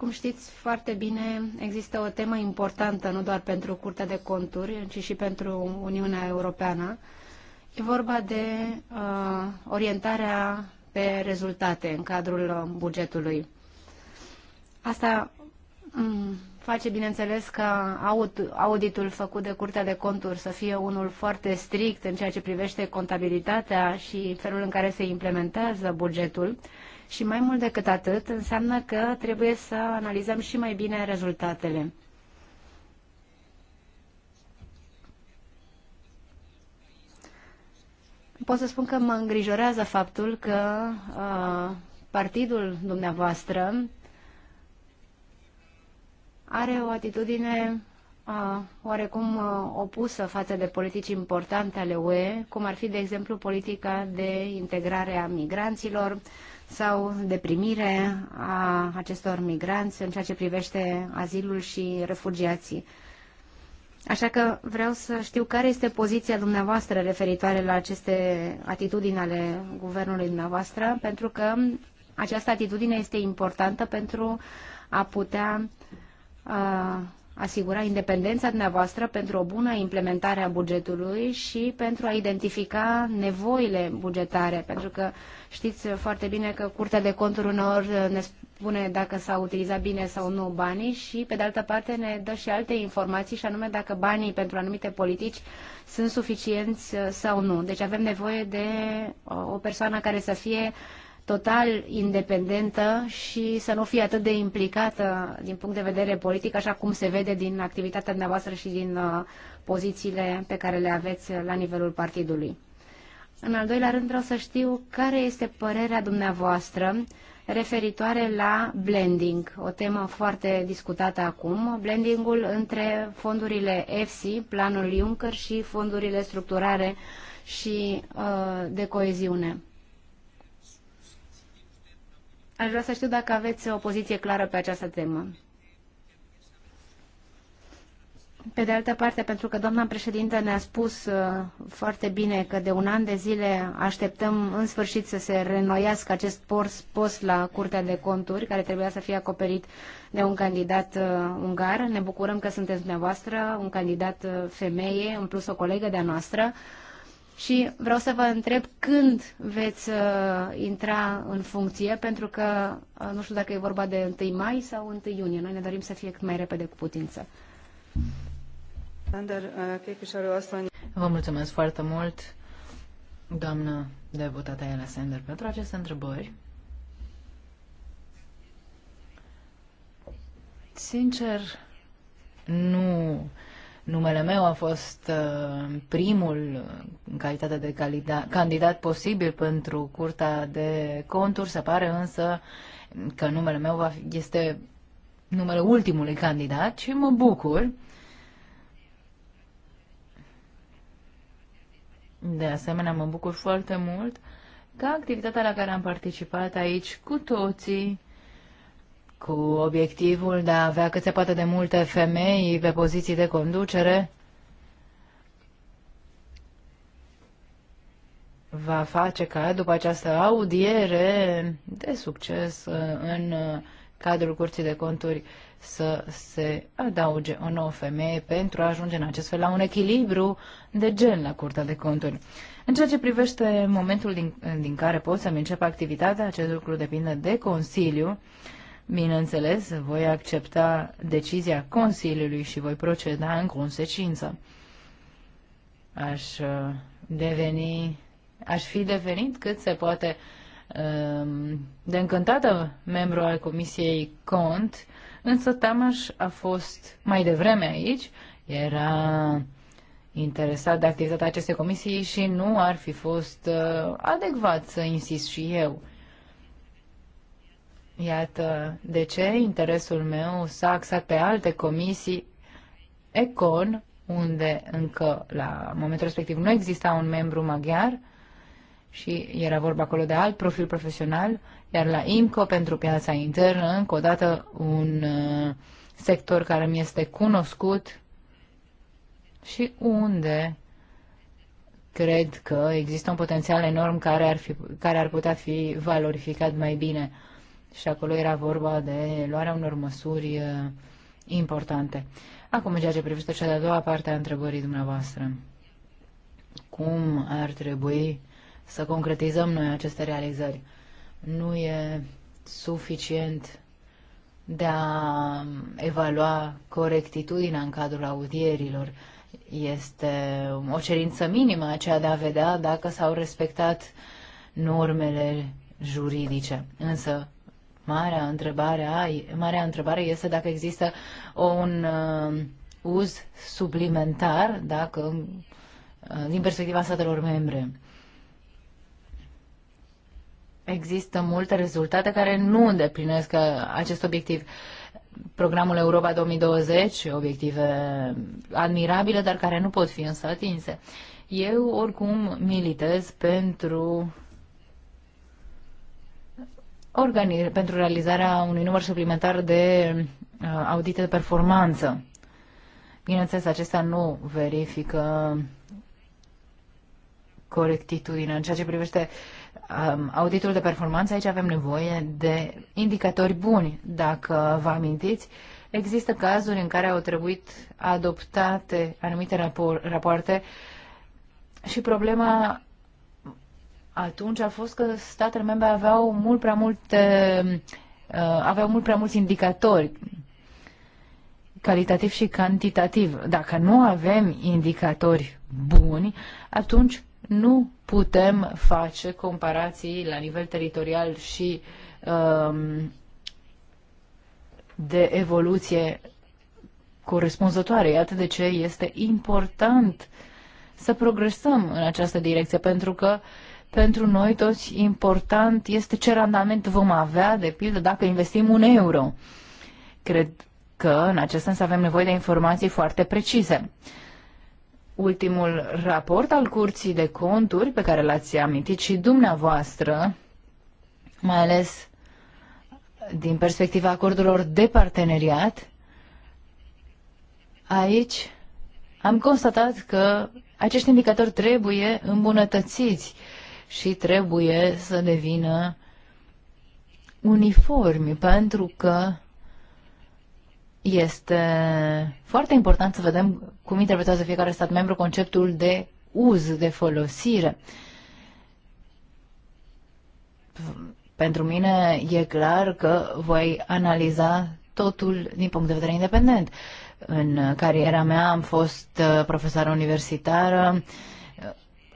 Cum știți foarte bine, există o temă importantă nu doar pentru Curtea de Conturi, ci și pentru Uniunea Europeană. E vorba de uh, orientarea pe rezultate în cadrul bugetului. Asta mm, face, bineînțeles, ca auditul făcut de Curtea de Conturi să fie unul foarte strict în ceea ce privește contabilitatea și felul în care se implementează bugetul și mai mult decât atât, înseamnă că trebuie să analizăm și mai bine rezultatele. Pot să spun că mă îngrijorează faptul că a, partidul dumneavoastră are o atitudine a, oarecum a, opusă față de politici importante ale UE, cum ar fi, de exemplu, politica de integrare a migranților sau de primire a acestor migranți în ceea ce privește azilul și refugiații. Așa că vreau să știu care este poziția dumneavoastră referitoare la aceste atitudini ale guvernului dumneavoastră, pentru că această atitudine este importantă pentru a putea uh, asigura independența dumneavoastră pentru o bună implementare a bugetului și pentru a identifica nevoile bugetare, pentru că știți foarte bine că Curtea de Conturi uneori ne spune dacă s-au utilizat bine sau nu banii și, pe de altă parte, ne dă și alte informații și anume dacă banii pentru anumite politici sunt suficienți sau nu. Deci avem nevoie de uh, o persoană care să fie uh, total independentă și să nu fie atât de implicată din punct de vedere politic, așa cum se vede din activitatea dumneavoastră și din uh, pozițiile pe care le aveți la nivelul partidului. În al doilea rând vreau să știu care este părerea dumneavoastră referitoare la blending, o temă foarte discutată acum, blendingul între fondurile EFSI, planul Juncker și fondurile structurare și uh, de coeziune. Aș vrea să știu dacă aveți o poziție clară pe această temă. Pe de altă parte, pentru că doamna președintă ne-a spus uh, foarte bine că de un an de zile așteptăm în sfârșit să se renoiască acest post, post la Curtea de Conturi, care trebuia să fie acoperit de un candidat uh, ungar. Ne bucurăm că sunteți dumneavoastră, un candidat uh, femeie, în plus o colegă de-a noastră. Uh, și vreau să vă întreb când veți uh, intra în funcție, pentru că uh, nu știu dacă e vorba de 1 mai sau 1 iunie. Noi ne dorim să fie cât mai repede cu putință. Uh, vă mulțumesc foarte mult, doamnă deputată Elena Sender, pentru aceste întrebări. Sincer, nu Numele meu a fost uh, primul în calitate de candidat posibil pentru Curtea de Conturi. Se pare însă că numele meu va fi, este numele ultimului candidat și mă bucur. De asemenea, mă bucur foarte mult că activitatea la care am participat aici cu toții cu obiectivul de a avea cât se poate de multe femei pe poziții de conducere, va face ca după această audiere de succes în cadrul Curții de Conturi să se adauge o nouă femeie pentru a ajunge în acest fel la un echilibru de gen la Curtea de Conturi. În ceea ce privește momentul din, din care pot să-mi încep activitatea, acest lucru depinde de Consiliu. Uh, Bineînțeles, voi accepta decizia Consiliului și voi proceda în consecință. Aș uh, deveni, aș fi devenit cât se poate um, de încântată membru al Comisiei Cont, însă Tamaș a fost mai devreme aici, era interesat de activitatea acestei comisii și nu ar fi fost uh, adecvat să insist și eu. Iată de ce interesul meu s-a axat pe alte comisii Econ, unde încă la momentul respectiv nu exista un membru maghiar și era vorba acolo de alt profil profesional, iar la IMCO pentru piața internă, încă o dată un uh, sector care mi este cunoscut și unde cred că există un potențial enorm care ar, fi, care ar putea fi valorificat mai bine și acolo era vorba de luarea unor măsuri uh, importante. Acum, în ceea ce privește cea de-a doua parte a întrebării dumneavoastră, cum ar trebui să concretizăm noi aceste realizări? Nu e suficient de a um, evalua corectitudinea în cadrul audierilor. Este um, o cerință minimă aceea de a vedea dacă s-au respectat normele juridice. Însă, Marea întrebare, ai, marea întrebare este dacă există un uh, uz suplimentar, dacă uh, din perspectiva statelor membre. Există multe rezultate care nu îndeplinesc uh, acest obiectiv. Programul Europa 2020, obiective admirabile, dar care nu pot fi însă atinse. Eu oricum militez pentru pentru realizarea unui număr suplimentar de uh, audite de performanță. Bineînțeles, acestea nu verifică corectitudinea În ceea ce privește um, auditul de performanță, aici avem nevoie de indicatori buni. Dacă vă amintiți, există cazuri în care au trebuit adoptate anumite rapoarte și problema atunci a fost că statele membre aveau mult prea multe uh, aveau mult prea mulți indicatori calitativ și cantitativ. Dacă nu avem indicatori buni, atunci nu putem face comparații la nivel teritorial și um, de evoluție corespunzătoare. Iată de ce este important să progresăm în această direcție, pentru că uh, pentru noi toți important este ce randament vom avea, de pildă, dacă investim un euro. Cred că în acest sens avem nevoie de informații foarte precise. Ultimul raport al Curții de Conturi, pe care l-ați amintit și dumneavoastră, mai ales din perspectiva acordurilor de parteneriat, aici am constatat că acești indicatori trebuie îmbunătățiți și trebuie să devină uniformi, pentru că este foarte important să vedem cum interpretează fiecare stat membru conceptul de uz, de folosire. Pentru mine e clar că voi analiza totul din punct de vedere independent. În cariera mea am fost uh, profesoară universitară, uh,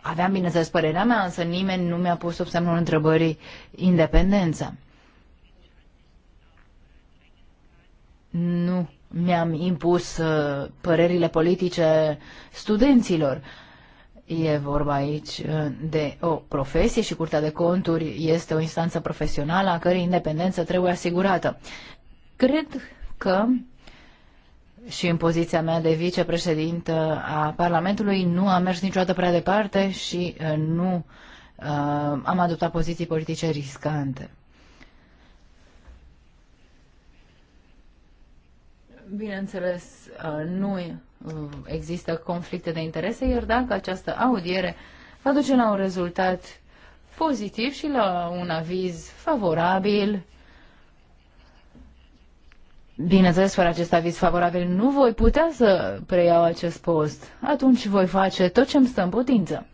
Aveam, bineînțeles, părerea mea, însă nimeni nu mi-a pus sub semnul întrebării independența. Nu mi-am impus uh, părerile politice studenților. E vorba aici uh, de o profesie și Curtea de Conturi este o instanță profesională a cărei independență trebuie asigurată. Cred că și în poziția mea de vicepreședintă a Parlamentului nu am mers niciodată prea departe și uh, nu uh, am adoptat poziții politice riscante. Bineînțeles, uh, nu uh, există conflicte de interese, iar dacă această audiere va duce la un rezultat pozitiv și la un aviz favorabil Bineînțeles, fără acest aviz favorabil nu voi putea să preiau acest post. Atunci voi face tot ce mi stă în putință.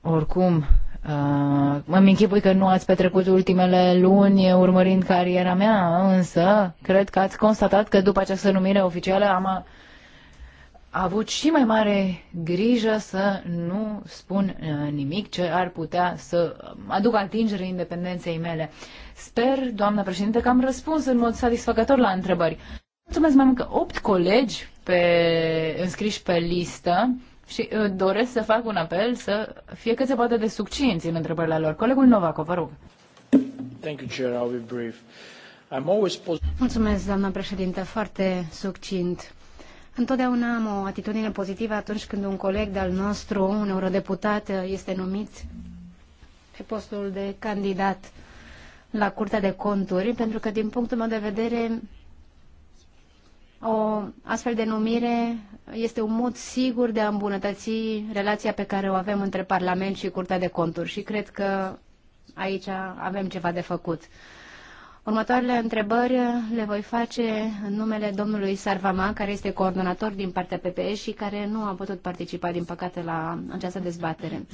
Oricum, uh, închipui că nu ați petrecut ultimele luni urmărind cariera mea, însă cred că ați constatat că după această numire oficială am a avut și mai mare grijă să nu spun uh, nimic ce ar putea să aducă atingere independenței mele. Sper, doamna președinte, că am răspuns în mod satisfăcător la întrebări. Mulțumesc mai mult că opt colegi pe, înscriși pe listă și uh, doresc să fac un apel să fie cât se poate de succinți în întrebările lor. Colegul Novakov, vă rog. Thank you, Chair. I'll be brief. I'm always Mulțumesc, doamna președinte, foarte succint. Întotdeauna am o atitudine pozitivă atunci când un coleg de-al nostru, un eurodeputat, este numit pe postul de candidat la Curtea de Conturi, pentru că, din punctul meu de vedere, o astfel de numire este un mod sigur de a îmbunătăți relația pe care o avem între Parlament și Curtea de Conturi și cred că aici avem ceva de făcut. Următoarele întrebări le voi face în numele domnului Sarvama, care este coordonator din partea PPE și care nu a putut participa, din păcate, la această dezbatere.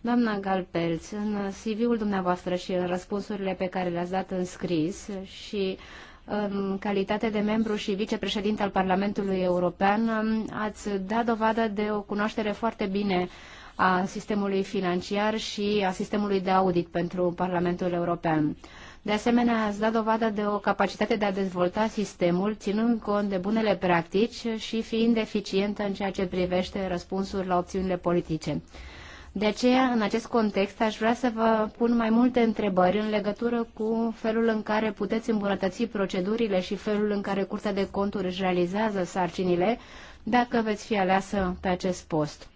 Doamna Galpelț, în CV-ul dumneavoastră și în răspunsurile pe care le-ați dat în scris și în calitate de membru și vicepreședinte al Parlamentului European, ați dat dovadă de o cunoaștere foarte bine a sistemului financiar și a sistemului de audit pentru Parlamentul European. De asemenea, ați dat dovadă de o capacitate de a dezvolta sistemul, ținând cont de bunele practici și fiind eficientă în ceea ce privește răspunsuri la opțiunile politice. De aceea, în acest context, aș vrea să vă pun mai multe întrebări în legătură cu felul în care puteți îmbunătăți procedurile și felul în care Curtea de Conturi își realizează sarcinile, dacă veți fi aleasă pe acest post.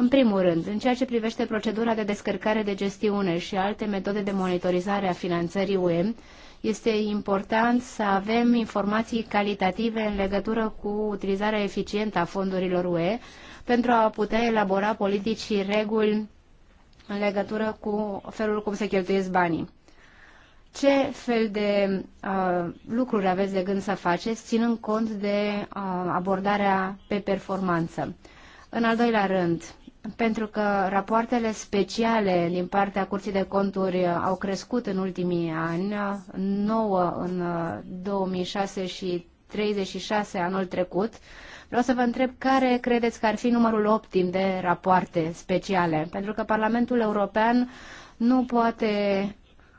În primul rând, în ceea ce privește procedura de descărcare de gestiune și alte metode de monitorizare a finanțării UE, este important să avem informații calitative în legătură cu utilizarea eficientă a fondurilor UE pentru a putea elabora politici și reguli în legătură cu felul cum se cheltuiesc banii. Ce fel de uh, lucruri aveți de gând să faceți, ținând cont de uh, abordarea pe performanță? În al doilea rând, pentru că rapoartele speciale din partea Curții de Conturi uh, au crescut în ultimii ani, 9 uh, în 2006 uh, și 36 anul trecut. Vreau să vă întreb care credeți că ar fi numărul optim de rapoarte speciale, pentru că Parlamentul European nu poate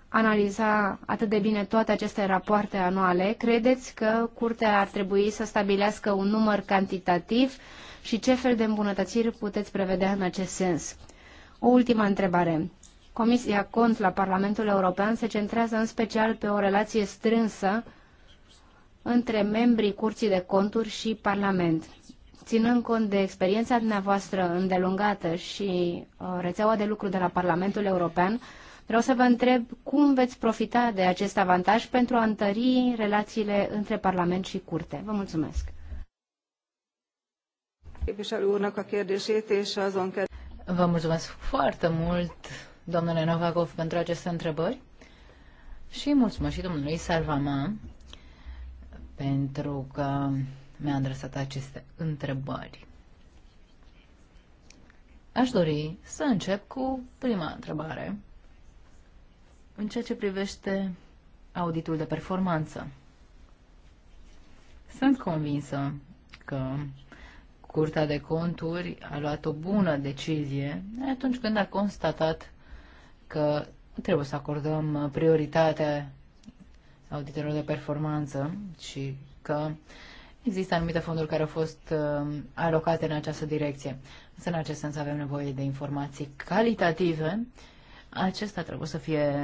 analiza atât de bine toate aceste rapoarte anuale. Credeți că Curtea ar trebui să stabilească un număr cantitativ și ce fel de îmbunătățiri puteți prevedea în acest sens? O ultimă întrebare. Comisia Cont la Parlamentul European se centrează în special pe o relație strânsă între membrii Curții de Conturi și Parlament. Ținând cont de experiența dumneavoastră îndelungată și uh, rețeaua de lucru de la Parlamentul European, vreau să vă întreb cum veți profita de acest avantaj pentru a întări relațiile între Parlament și Curte. Vă mulțumesc! Vă mulțumesc foarte mult, domnule Novakov, pentru aceste întrebări. Și mulțumesc și domnului Salvama pentru că mi-a adresat aceste întrebări. Aș dori să încep cu prima întrebare. În ceea ce privește auditul de performanță, sunt convinsă că Curtea de conturi a luat o bună decizie atunci când a constatat că trebuie să acordăm prioritate auditorilor de performanță și că există anumite fonduri care au fost uh, alocate în această direcție. Însă în acest sens avem nevoie de informații calitative. Acesta trebuie să fie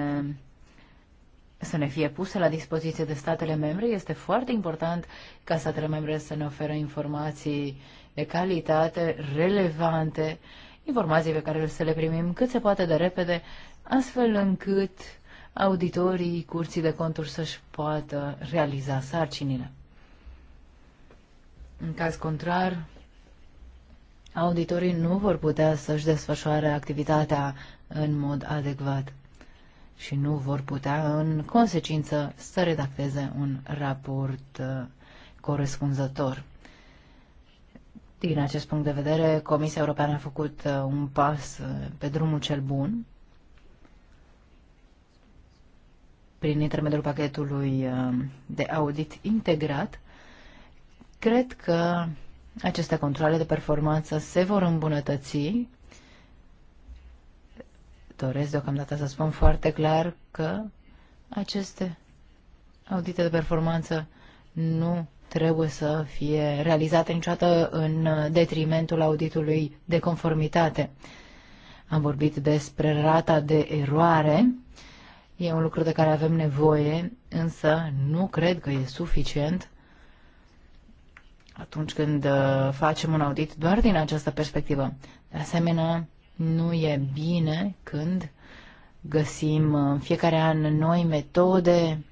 să ne fie puse la dispoziție de statele membre. Este foarte important ca statele membre să ne oferă informații de calitate, relevante, informații pe care să le primim cât se poate de repede, astfel încât auditorii curții de conturi să-și poată realiza sarcinile. În caz contrar, auditorii nu vor putea să-și desfășoare activitatea în mod adecvat și nu vor putea, în consecință, să redacteze un raport uh, corespunzător. Din acest punct de vedere, Comisia Europeană a făcut uh, un pas uh, pe drumul cel bun prin intermediul pachetului de audit integrat. Cred că aceste controle de performanță se vor îmbunătăți doresc deocamdată să spun foarte clar că aceste audite de performanță nu trebuie să fie realizate niciodată în detrimentul auditului de conformitate. Am vorbit despre rata de eroare. E un lucru de care avem nevoie, însă nu cred că e suficient atunci când uh, facem un audit doar din această perspectivă. De asemenea, nu e bine când găsim uh, în fiecare an noi metode,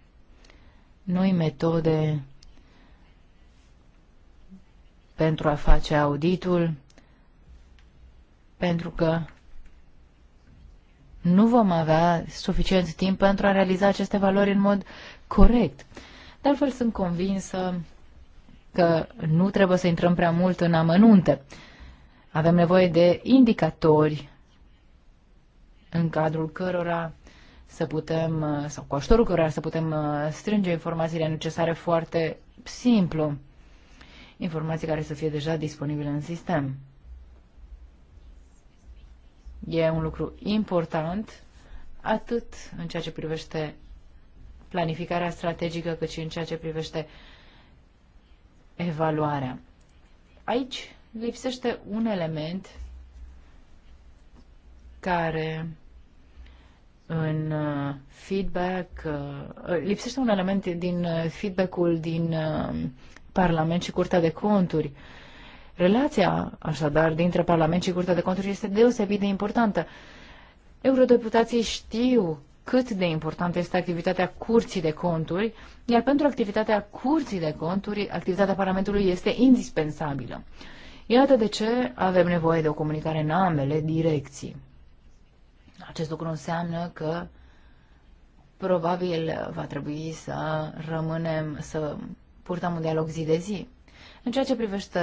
noi metode pentru a face auditul, pentru că nu vom avea suficient timp pentru a realiza aceste valori în mod corect. De altfel, sunt convinsă că nu trebuie să intrăm prea mult în amănunte. Avem nevoie de indicatori în cadrul cărora să putem, sau cu ajutorul cărora să putem uh, strânge informațiile necesare foarte simplu, informații care să fie deja disponibile în sistem. E un lucru important atât în ceea ce privește planificarea strategică, cât și în ceea ce privește evaluarea. Aici lipsește un element care în uh, feedback, uh, uh, lipsește un element din feedback-ul din Parlament și Curtea de Conturi. Relația, așadar, dintre Parlament și Curtea de Conturi este deosebit de importantă. Eurodeputații știu cât de importantă este activitatea Curții de Conturi, iar pentru activitatea Curții de Conturi, activitatea Parlamentului este indispensabilă. Iată de ce avem nevoie de o comunicare în ambele direcții. Acest lucru înseamnă că probabil va trebui să rămânem, să purtăm un dialog zi de zi. În ceea ce privește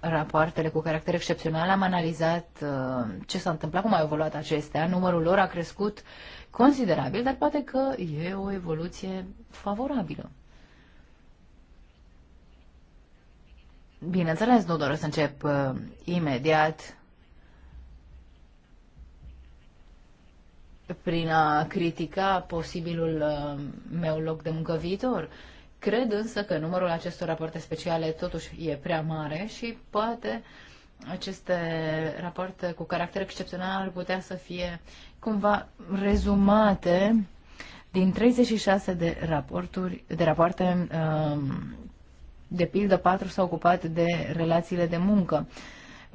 rapoartele cu caracter excepțional, am analizat uh, ce s-a întâmplat, cum au evoluat acestea. Numărul lor a crescut considerabil, dar poate că e o evoluție favorabilă. Bineînțeles, nu doresc să încep uh, imediat prin a critica posibilul uh, meu loc de muncă viitor. Cred însă că numărul acestor rapoarte speciale totuși e prea mare și poate aceste rapoarte cu caracter excepțional ar putea să fie cumva rezumate din 36 de raporturi, de rapoarte, um, de pildă, patru s-au ocupat de relațiile de muncă.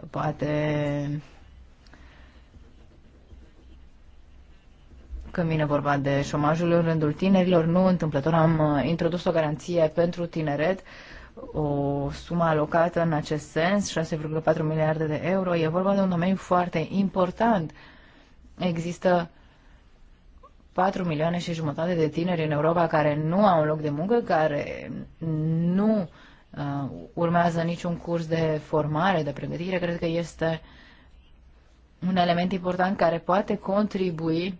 Poate când vine vorba de șomajul în rândul tinerilor, nu întâmplător am uh, introdus o garanție pentru tineret, o sumă alocată în acest sens, 6,4 miliarde de euro. E vorba de un domeniu foarte important. Există 4 milioane și jumătate de tineri în Europa care nu au un loc de muncă, care nu Uh, urmează niciun curs de formare, de pregătire, cred că este un element important care poate contribui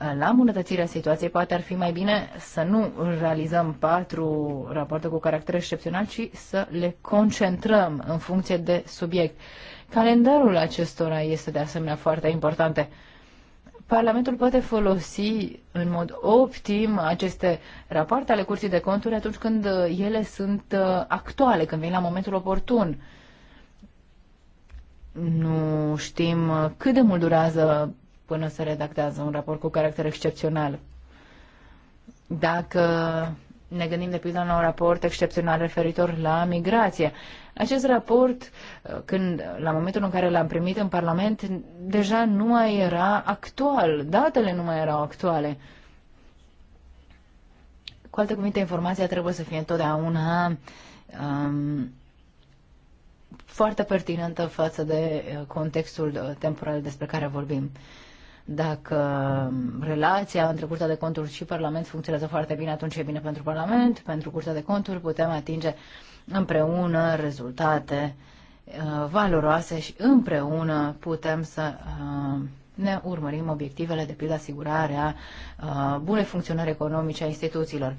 uh, la îmbunătățirea situației, poate ar fi mai bine să nu realizăm patru rapoarte cu caracter excepțional, ci să le concentrăm în funcție de subiect. Calendarul acestora este de asemenea foarte important. Parlamentul poate folosi în mod optim aceste rapoarte ale Curții de Conturi atunci când ele sunt uh, actuale, când vin la momentul oportun. Nu știm uh, cât de mult durează până se redactează un raport cu caracter excepțional. Dacă ne gândim de pildă la un raport excepțional referitor la migrație. Acest raport, când, la momentul în care l-am primit în Parlament, deja nu mai era actual, datele nu mai erau actuale. Cu alte cuvinte, informația trebuie să fie întotdeauna um, foarte pertinentă față de uh, contextul uh, temporal despre care vorbim. Dacă relația între Curtea de Conturi și Parlament funcționează foarte bine, atunci e bine pentru Parlament, pentru Curtea de Conturi putem atinge împreună rezultate uh, valoroase și împreună putem să uh, ne urmărim obiectivele de pildă asigurarea uh, bunei funcționări economice a instituțiilor.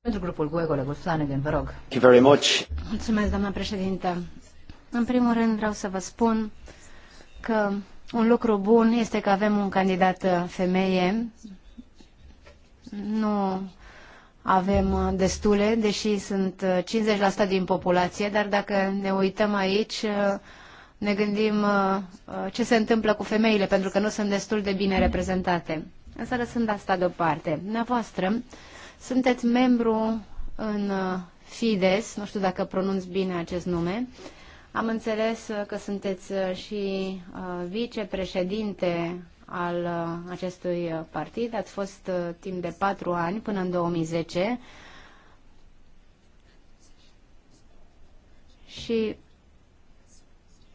Pentru grupul GUE, colegul Flanagan, vă rog. Thank you very much. Mulțumesc, doamna președinte. În primul rând vreau să vă spun că un lucru bun este că avem un candidat uh, femeie. Nu avem uh, destule, deși sunt 50% uh, din populație, dar dacă ne uităm aici, ne gândim ce se întâmplă cu femeile, pentru că nu sunt destul de bine reprezentate. Însă lăsând asta deoparte, dumneavoastră sunteți membru în Fides, nu știu dacă pronunț bine acest nume, uh, am înțeles uh, că sunteți uh, și uh, vicepreședinte al acestui partid. Ați fost timp de patru ani până în 2010 și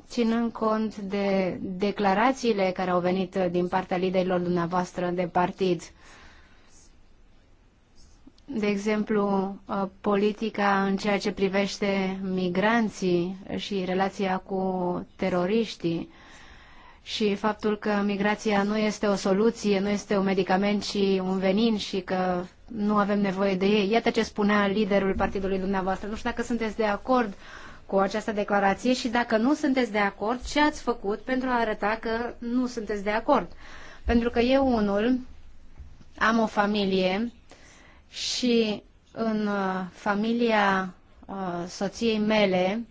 ținând cont de declarațiile care au venit din partea liderilor dumneavoastră de partid, uh, de exemplu, uh, politica în ceea ce privește migranții și relația cu teroriștii și faptul că migrația nu este o soluție, nu este un medicament, ci un venin și că nu avem nevoie de ei. Iată ce spunea liderul partidului dumneavoastră. Nu știu dacă sunteți de acord cu această declarație și dacă nu sunteți de acord, ce ați făcut pentru a arăta că nu sunteți de acord? Pentru că eu unul am o familie și în uh, familia uh, soției mele,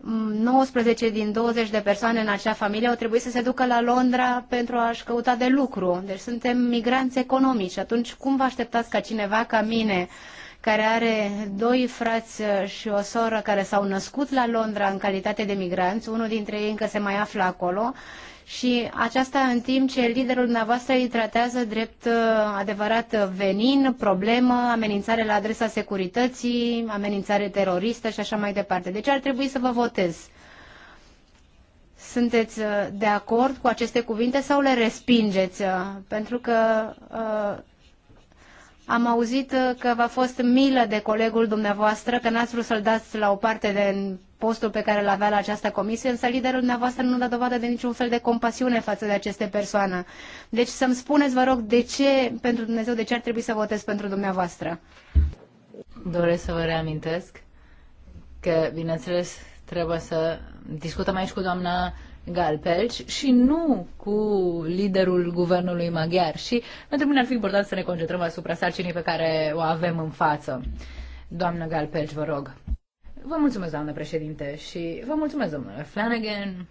19 din 20 de persoane în acea familie au trebuit să se ducă la Londra pentru a-și căuta de lucru. Deci suntem migranți economici. Atunci cum vă așteptați ca cineva ca mine, care are doi frați uh, și o soră care s-au născut la Londra în calitate de migranți, unul dintre ei încă se mai află acolo și aceasta în timp ce liderul dumneavoastră îi tratează drept uh, adevărat uh, venin, problemă, amenințare la adresa securității, amenințare teroristă și așa mai departe. Deci ar trebui să vă votez. Sunteți uh, de acord cu aceste cuvinte sau le respingeți? Pentru că am auzit uh, că v-a fost milă de colegul dumneavoastră, că n-ați vrut să-l dați la o parte de postul pe care îl avea la această comisie, însă liderul dumneavoastră nu dă dovadă de niciun fel de compasiune față de aceste persoane. Deci să-mi spuneți, vă rog, de ce, pentru Dumnezeu, de ce ar trebui să votez pentru dumneavoastră? Doresc să vă reamintesc că, bineînțeles, trebuie să discutăm aici cu doamna Galpelci și nu cu liderul guvernului maghiar. Și pentru mine ar fi important să ne concentrăm asupra sarcinii pe care o avem în față. Doamnă Galpelci, vă rog. Vă mulțumesc, doamnă președinte, și vă mulțumesc, domnule Flanagan,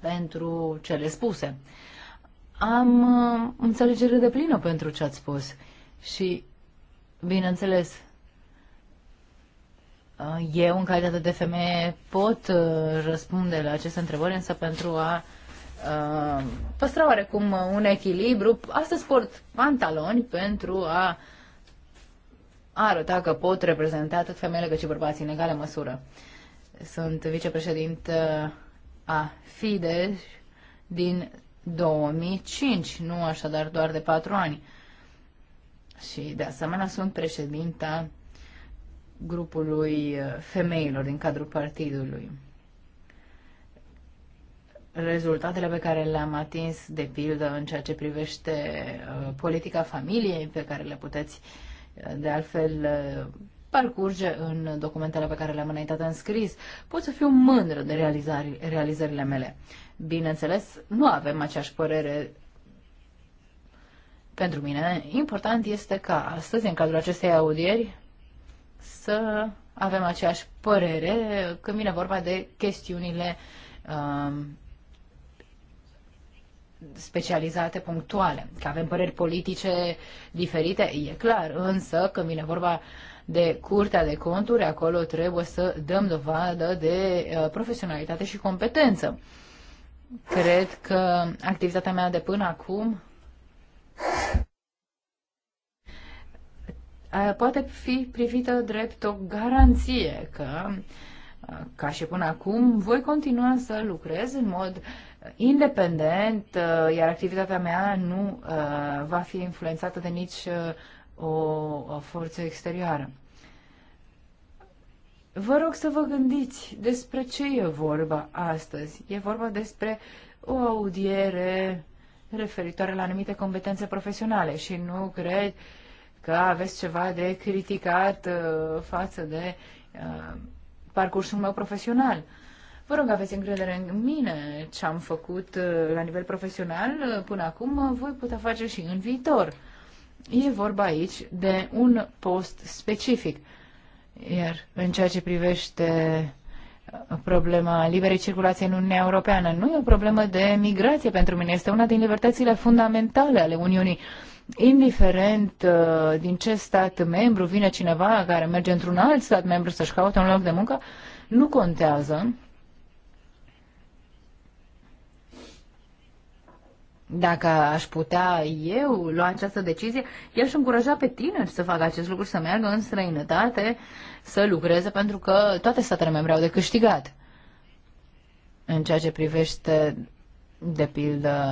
pentru cele spuse. Am uh, înțelegere de plină pentru ce ați spus și, bineînțeles, Uh, eu, în calitate de femeie, pot uh, răspunde la aceste întrebări, însă pentru a uh, păstra oarecum un echilibru, astăzi port pantaloni pentru a arăta că pot reprezenta atât femeile cât și bărbații în egală măsură. Sunt vicepreședinte a FIDE din 2005, nu așadar doar de patru ani. Și de asemenea sunt președinta grupului uh, femeilor din cadrul partidului. Rezultatele pe care le-am atins, de pildă, în ceea ce privește uh, politica familiei, pe care le puteți, uh, de altfel, parcurge în documentele pe care le-am înaintat în scris, pot să fiu mândră de realizări, realizările mele. Bineînțeles, nu avem aceeași părere pentru mine. Important este ca astăzi, în cadrul acestei audieri, să avem aceeași părere când vine vorba de chestiunile uh, specializate, punctuale. Că avem păreri politice diferite, e clar, însă când vine vorba de curtea de conturi, acolo trebuie să dăm dovadă de uh, profesionalitate și competență. Cred că activitatea mea de până acum poate fi privită drept o garanție că, ca și până acum, voi continua să lucrez în mod independent, iar activitatea mea nu va fi influențată de nici o, o forță exterioară. Vă rog să vă gândiți despre ce e vorba astăzi. E vorba despre o audiere referitoare la anumite competențe profesionale și nu cred uh, că aveți ceva de criticat uh, față de uh, parcursul meu profesional. Vă rog, aveți încredere în mine ce am făcut uh, la nivel profesional uh, până acum, voi putea face și în viitor. E vorba aici de un post specific. Iar în ceea ce privește uh, problema liberei circulației în Uniunea Europeană, nu e o problemă de migrație pentru mine, este una din libertățile fundamentale ale Uniunii indiferent uh, din ce stat membru vine cineva care merge într-un alt stat membru să-și caute un loc de muncă, nu contează. Dacă aș putea eu lua această decizie, i-aș încuraja pe tineri să facă acest lucru, să meargă în străinătate, să lucreze, pentru că toate statele membre au de câștigat. În ceea ce privește, de pildă,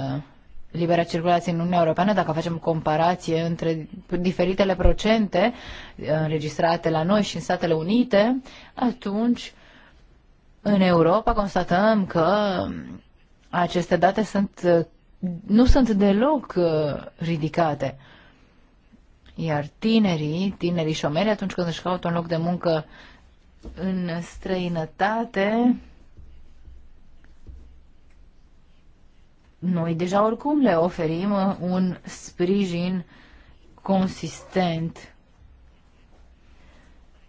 libera circulație în Uniunea Europeană, dacă facem comparație între diferitele procente uh, înregistrate la noi și în Statele Unite, atunci în Europa constatăm că aceste date sunt, uh, nu sunt deloc uh, ridicate. Iar tinerii, tinerii șomeri, atunci când își caută un loc de muncă în străinătate, Noi deja oricum le oferim uh, un sprijin consistent.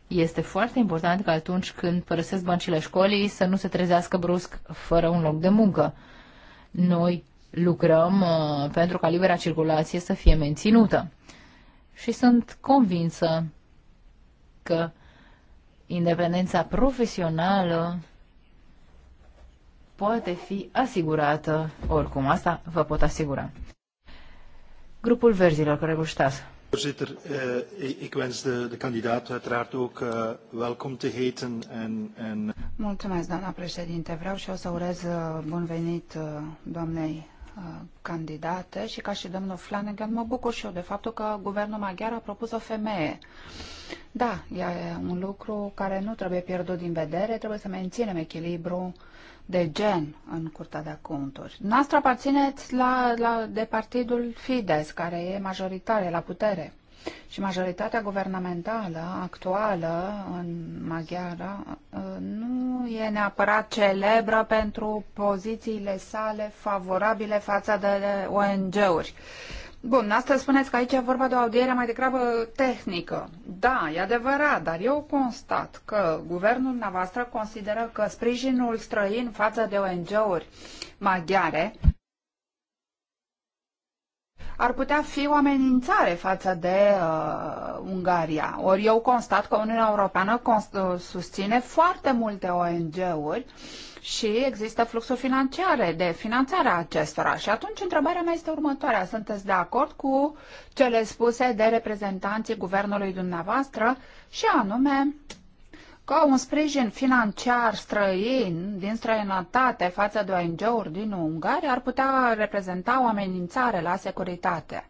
Este foarte important că atunci când părăsesc băncile școlii să nu se trezească brusc fără un loc de muncă. Noi lucrăm uh, pentru ca libera circulație să fie menținută. Și sunt convinsă că independența profesională poate fi asigurată oricum. Asta vă pot asigura. Grupul Verzilor, care Ștas. Voorzitter, eh, ik wens de, de kandidaat uiteraard ook uh, welkom te heten. En, en... Mulțumesc, doamna președinte. Vreau și o să urez eh, bun venit eh, doamnei uh, candidate și ca și domnul Flanagan mă bucur și eu de faptul că guvernul maghiar a propus o femeie. Da, e un lucru care nu trebuie pierdut din vedere, trebuie să menținem echilibru uh, de gen în Curtea de Conturi. Noastră aparțineți la, la, de partidul Fides, care e majoritar, e la putere. Și majoritatea guvernamentală actuală în maghiară uh, nu e neapărat celebră pentru pozițiile sale favorabile față de ONG-uri. Bun, asta spuneți că aici e vorba de o audiere mai degrabă tehnică. Da, e adevărat, dar eu constat că guvernul dumneavoastră consideră că sprijinul străin față de ONG-uri maghiare ar putea fi o amenințare față de uh, Ungaria. Ori eu constat că Uniunea Europeană uh, susține foarte multe ONG-uri și există fluxuri financiare de finanțare a acestora. Și atunci întrebarea mea este următoarea. Sunteți de acord cu cele spuse de reprezentanții guvernului dumneavoastră și anume ca un sprijin financiar străin, din străinătate, față de ONG-uri din Ungaria, ar putea reprezenta o amenințare la securitate.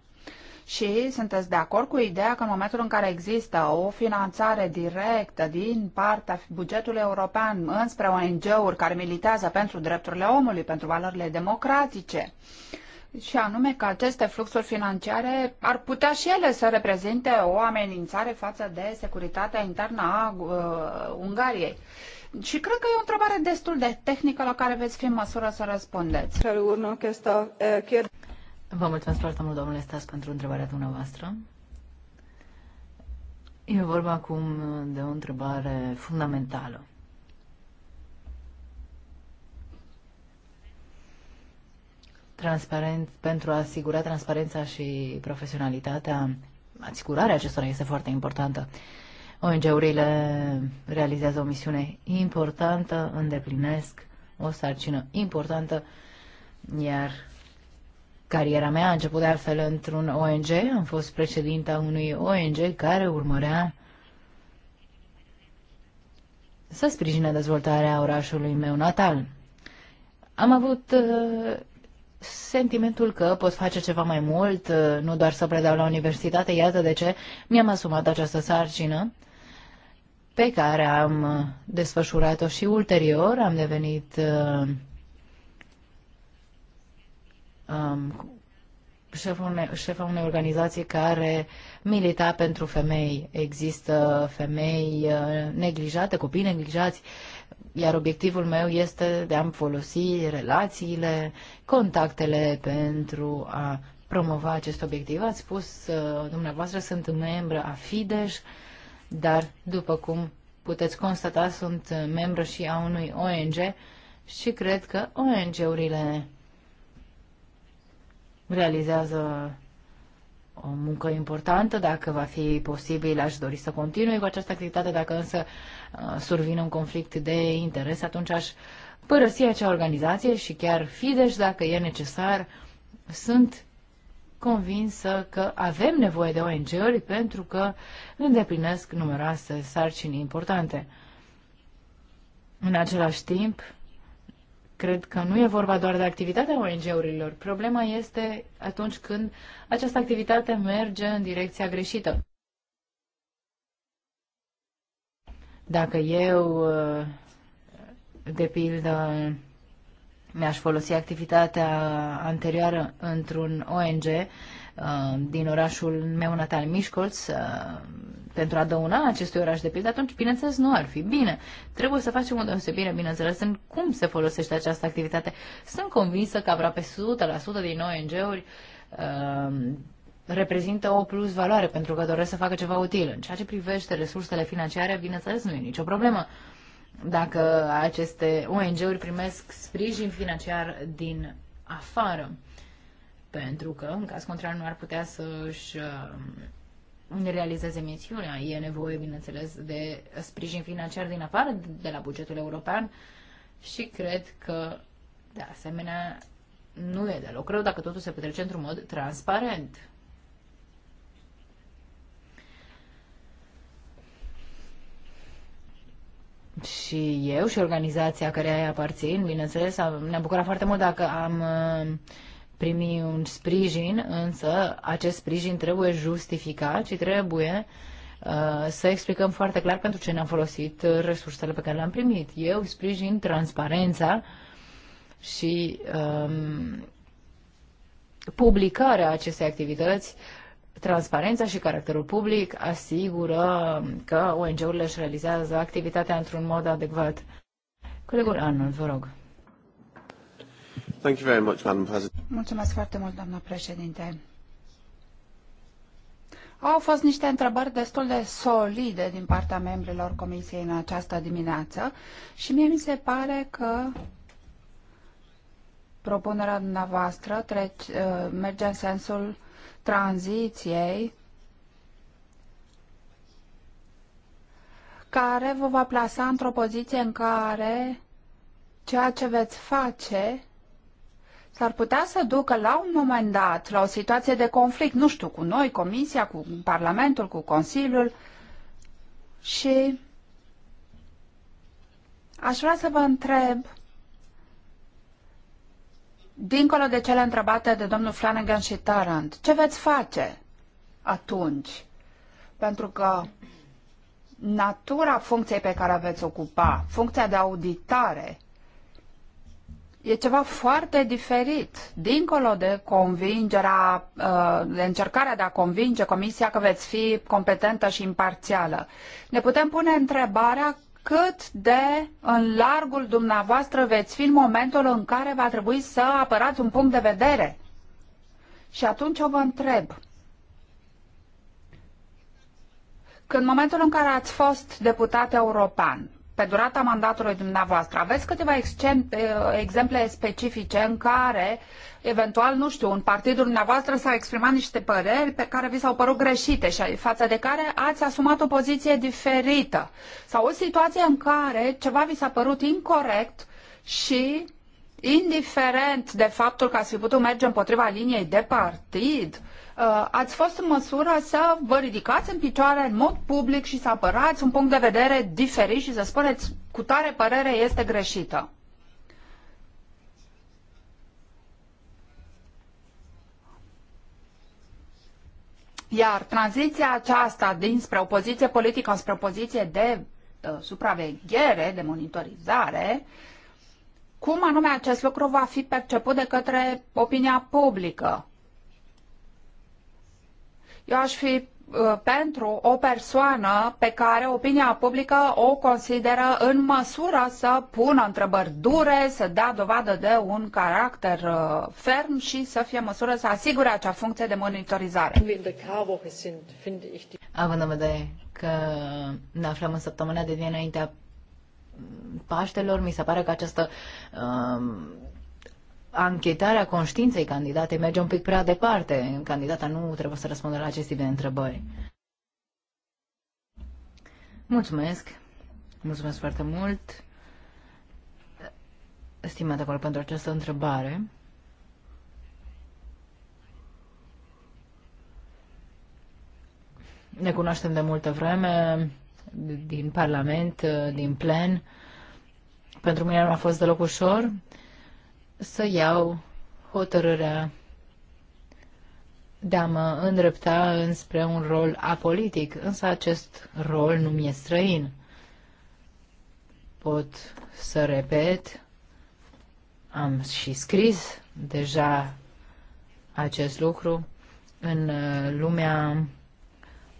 Și sunteți de acord cu ideea că în momentul în care există o finanțare directă din partea bugetului european înspre ONG-uri care militează pentru drepturile omului, pentru valorile democratice, uh, și anume că aceste fluxuri financiare ar putea și ele să reprezinte o amenințare față de securitatea internă a uh, Ungariei. Și cred că e o întrebare destul de tehnică la care veți fi în măsură să răspundeți. Vă mulțumesc foarte mult, domnule Stas, pentru întrebarea dumneavoastră. E vorba acum de o întrebare fundamentală. transparent, pentru a asigura transparența și profesionalitatea, asigurarea acestora este foarte importantă. ONG-urile realizează o misiune importantă, îndeplinesc o sarcină importantă, iar cariera mea a început de altfel într-un ONG. Am fost președinta unui ONG care urmărea să sprijine dezvoltarea orașului meu natal. Am avut uh, sentimentul că pot face ceva mai mult, uh, nu doar să predau la universitate, iată de ce mi-am asumat această sarcină pe care am uh, desfășurat-o și ulterior, am devenit uh, um, șefa unei, șefa unei organizații care milita pentru femei. Există femei uh, neglijate, copii neglijați iar obiectivul meu este de a-mi folosi relațiile, contactele pentru a promova acest obiectiv. Ați spus, uh, dumneavoastră, sunt membră a Fidesz, dar, după cum puteți constata, sunt membră și a unui ONG și cred că ONG-urile realizează o muncă importantă. Dacă va fi posibil, aș dori să continui cu această activitate. Dacă însă Uh, survine un conflict de interes, atunci aș părăsi acea organizație și chiar Fidesz, dacă e necesar, sunt convinsă că avem nevoie de ONG-uri pentru că îndeplinesc numeroase sarcini importante. În același timp, cred că nu e vorba doar de activitatea ONG-urilor. Problema este atunci când această activitate merge în direcția greșită. Dacă eu, uh, de pildă, mi-aș folosi activitatea anterioară într-un ONG uh, din orașul meu natal, Mișcolț, uh, pentru a dăuna acestui oraș de pildă, atunci, bineînțeles, nu ar fi bine. Trebuie să facem o deosebire, bineînțeles, în cum se folosește această activitate. Sunt convinsă că aproape 100% din ONG-uri reprezintă o plus valoare pentru că doresc să facă ceva util. În ceea ce privește resursele financiare, bineînțeles, nu e nicio problemă. Dacă aceste ONG-uri primesc sprijin financiar din afară, pentru că, în caz contrar, nu ar putea să-și um, realizeze misiunea. E nevoie, bineînțeles, de sprijin financiar din afară, de la bugetul european și cred că, de asemenea, nu e deloc rău dacă totul se petrece într-un mod transparent. și eu și organizația care ai aparțin, bineînțeles, ne-am bucurat foarte mult dacă am uh, primi un sprijin, însă acest sprijin trebuie justificat și trebuie uh, să explicăm foarte clar pentru ce ne-am folosit uh, resursele pe care le-am primit. Eu sprijin transparența și um, publicarea acestei activități uh, Transparența și caracterul public asigură că ONG-urile își realizează activitatea într-un mod adecvat. Colegul Anul, vă rog. Thank you very much, Madam President. Mulțumesc foarte mult, doamna președinte. Au fost niște întrebări destul de solide din partea membrilor comisiei în această dimineață și mie mi se pare că propunerea dumneavoastră trece, uh, merge în sensul tranziției care vă va plasa într-o poziție în care ceea ce veți face s-ar putea să ducă la un moment dat la o situație de conflict, nu știu, cu noi, Comisia, cu Parlamentul, cu Consiliul și aș vrea să vă întreb dincolo de cele întrebate de domnul Flanagan și Tarant, ce veți face atunci? Pentru că natura funcției pe care veți ocupa, funcția de auditare, e ceva foarte diferit, dincolo de convingerea, uh, de încercarea de a convinge Comisia că veți fi competentă și imparțială. Ne putem pune întrebarea cât de în largul dumneavoastră veți fi în momentul în care va trebui să apărați un punct de vedere. Și atunci o vă întreb. Când momentul în care ați fost deputat european, pe durata mandatului dumneavoastră. Aveți câteva eh, exemple specifice în care, eventual, nu știu, un partidul dumneavoastră s au exprimat niște păreri pe care vi s-au părut greșite și față de care ați asumat o poziție diferită sau o situație în care ceva vi s-a părut incorrect și indiferent de faptul că ați fi putut merge împotriva liniei de partid, Uh, ați fost în măsură să vă ridicați în picioare în mod public și să apărați un punct de vedere diferit și să spuneți cu tare părere este greșită. Iar tranziția aceasta dinspre o poziție politică spre o poziție de uh, supraveghere, de monitorizare, cum anume acest lucru va fi perceput de către opinia publică? Eu aș fi uh, pentru o persoană pe care opinia publică o consideră în măsură să pună întrebări dure, să dea dovadă de un caracter uh, ferm și să fie în măsură să asigure acea funcție de monitorizare. Având în vedere că ne aflăm în săptămâna de dinaintea Paștelor, mi se pare că această um, anchetarea conștiinței candidatei merge un pic prea departe. Candidata nu trebuie să răspundă la acest tip de întrebări. Mulțumesc. Mulțumesc foarte mult, stimată acolo pentru această întrebare. Ne cunoaștem de multă vreme, din Parlament, din plen. Pentru mine nu a fost deloc ușor să iau hotărârea de a mă îndrepta înspre un rol apolitic, însă acest rol nu mi-e străin. Pot să repet, am și scris deja acest lucru în uh, lumea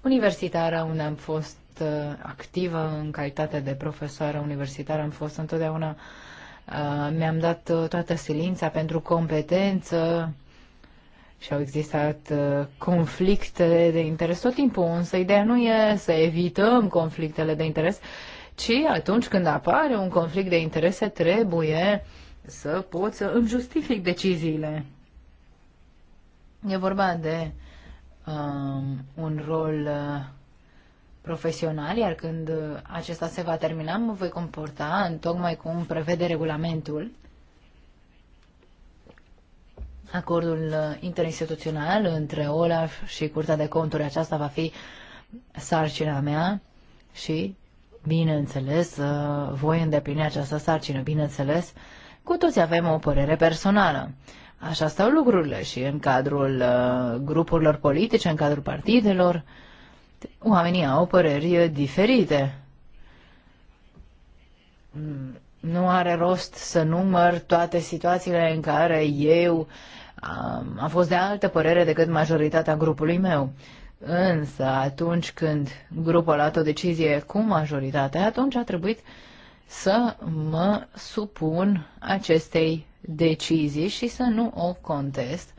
universitară unde am fost uh, activă în calitate de profesoară universitară, am fost întotdeauna uh, Uh, mi-am dat uh, toată silința pentru competență și au existat uh, conflicte de interes tot timpul, însă ideea nu e să evităm conflictele de interes, ci atunci când apare un conflict de interese trebuie să pot să îmi justific deciziile. E vorba de um, un rol uh, profesional, iar când uh, acesta se va termina, mă voi comporta în tocmai cum prevede regulamentul. Acordul uh, interinstituțional între OLAF și Curtea de Conturi, aceasta va fi sarcina mea și, bineînțeles, uh, voi îndeplini această sarcină. Bineînțeles, cu toți avem o părere personală. Așa stau lucrurile și în cadrul grupurilor politice, în cadrul partidelor, oamenii au păreri diferite. Nu are rost să număr toate situațiile în care eu am, am fost de altă părere decât majoritatea grupului meu. Însă atunci când grupul a luat o decizie cu majoritatea, atunci a trebuit să mă supun acestei decizii și să nu o contest,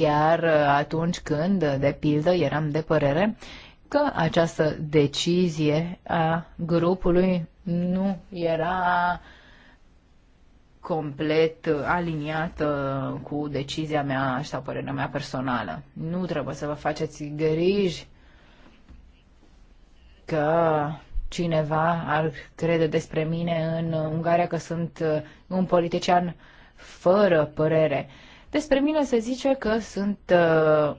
chiar uh, atunci când, de pildă, eram de părere că această decizie a grupului nu era complet aliniată cu decizia mea sau părerea mea personală. Nu trebuie să vă faceți griji că cineva ar crede despre mine în Ungaria că sunt un politician fără părere. Despre mine se zice că sunt uh,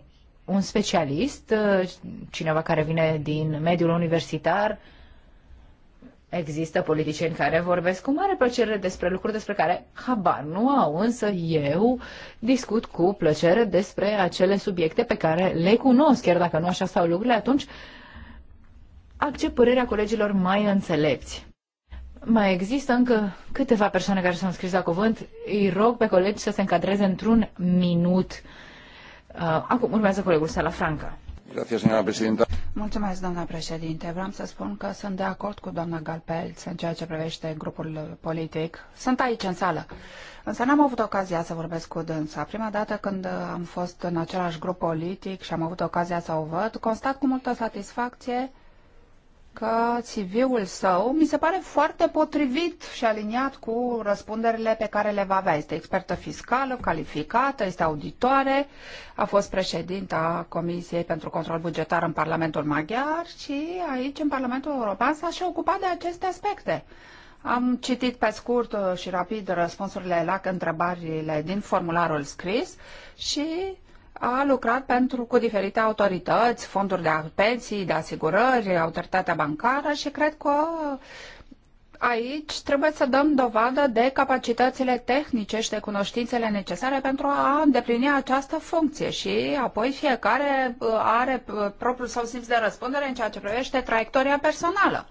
un specialist, uh, cineva care vine din mediul universitar. Există politicieni care vorbesc cu mare plăcere despre lucruri despre care habar nu au, însă eu discut cu plăcere despre acele subiecte pe care le cunosc, chiar dacă nu așa stau lucrurile, atunci accept părerea colegilor mai înțelepți. Mai există încă câteva persoane care s-au înscris la cuvânt. Îi rog pe colegi să se încadreze într-un minut. Uh, acum urmează colegul Sala Franca. Mulțumesc, doamna președinte. Vreau să spun că sunt de acord cu doamna Galpelț în ceea ce privește grupul politic. Sunt aici, în sală. Însă n-am avut ocazia să vorbesc cu dânsa. Prima dată când am fost în același grup politic și am avut ocazia să o văd, constat cu multă satisfacție că CV-ul său mi se pare foarte potrivit și aliniat cu răspunderile pe care le va avea. Este expertă fiscală, calificată, este auditoare, a fost președinta Comisiei pentru Control Bugetar în Parlamentul Maghiar și aici, în Parlamentul European, s-a și ocupat de aceste aspecte. Am citit pe scurt și rapid răspunsurile la întrebările din formularul scris și a lucrat pentru, cu diferite autorități, fonduri de pensii, de asigurări, autoritatea bancară și cred că aici trebuie să dăm dovadă de capacitățile tehnice și de cunoștințele necesare pentru a îndeplini această funcție și apoi fiecare uh, are uh, propriul său simț de răspundere în ceea ce privește traiectoria personală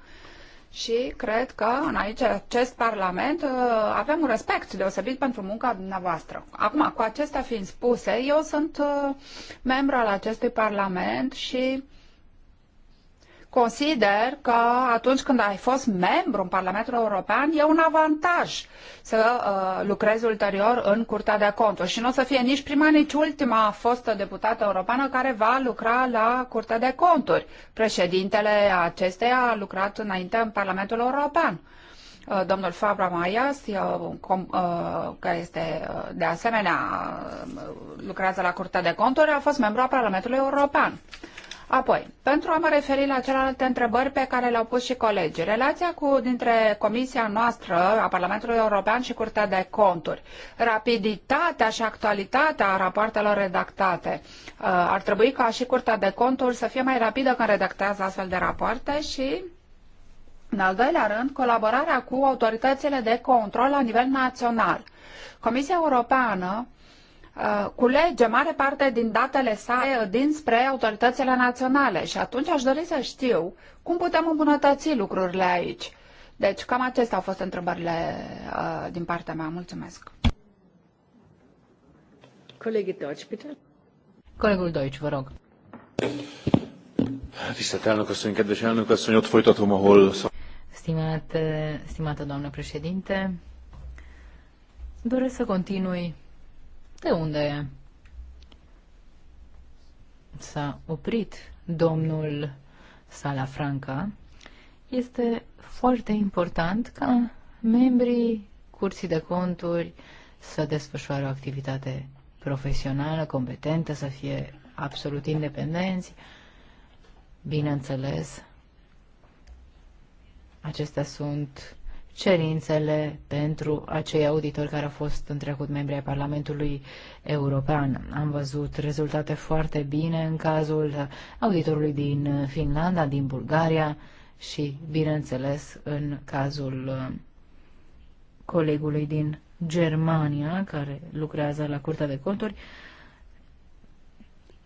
și cred că în aici, acest Parlament, uh, avem un respect deosebit pentru munca dumneavoastră. Acum, cu acestea fiind spuse, eu sunt uh, membru al acestui Parlament și consider că atunci când ai fost membru în Parlamentul European e un avantaj să uh, lucrezi ulterior în Curtea de Conturi și nu o să fie nici prima, nici ultima fostă deputată europeană care va lucra la Curtea de Conturi. Președintele acesteia a lucrat înainte în Parlamentul European. Uh, domnul Fabra Maias, uh, care uh, este de asemenea lucrează la Curtea de Conturi, a fost membru al Parlamentului European. Apoi, pentru a mă referi la celelalte întrebări pe care le-au pus și colegii, relația cu, dintre Comisia noastră a Parlamentului European și Curtea de Conturi, rapiditatea și actualitatea rapoartelor redactate, uh, ar trebui ca și Curtea de Conturi să fie mai rapidă când redactează astfel de rapoarte și în al doilea rând, colaborarea cu autoritățile de control la nivel național. Comisia Europeană Uh, culege mare parte din datele sale dinspre autoritățile naționale și atunci aș dori să știu cum putem îmbunătăți lucrurile aici. Deci cam acestea au fost întrebările uh, din partea mea. Mulțumesc. Colegii Deutsch, bitte. Colegul Deutsch, vă rog. Tisztelt elnök kedves elnök ott folytatom, ahol... Stimate, stimată doamnă președinte, doresc să continui de unde s-a oprit domnul Salafranca, este foarte important ca membrii curții de conturi să desfășoare o activitate profesională, competentă, să fie absolut independenți. Bineînțeles, acestea sunt cerințele pentru acei auditori care au fost în trecut membri ai Parlamentului European. Am văzut rezultate foarte bine în cazul auditorului din Finlanda, din Bulgaria și, bineînțeles, în cazul uh, colegului din Germania, care lucrează la Curtea de Conturi.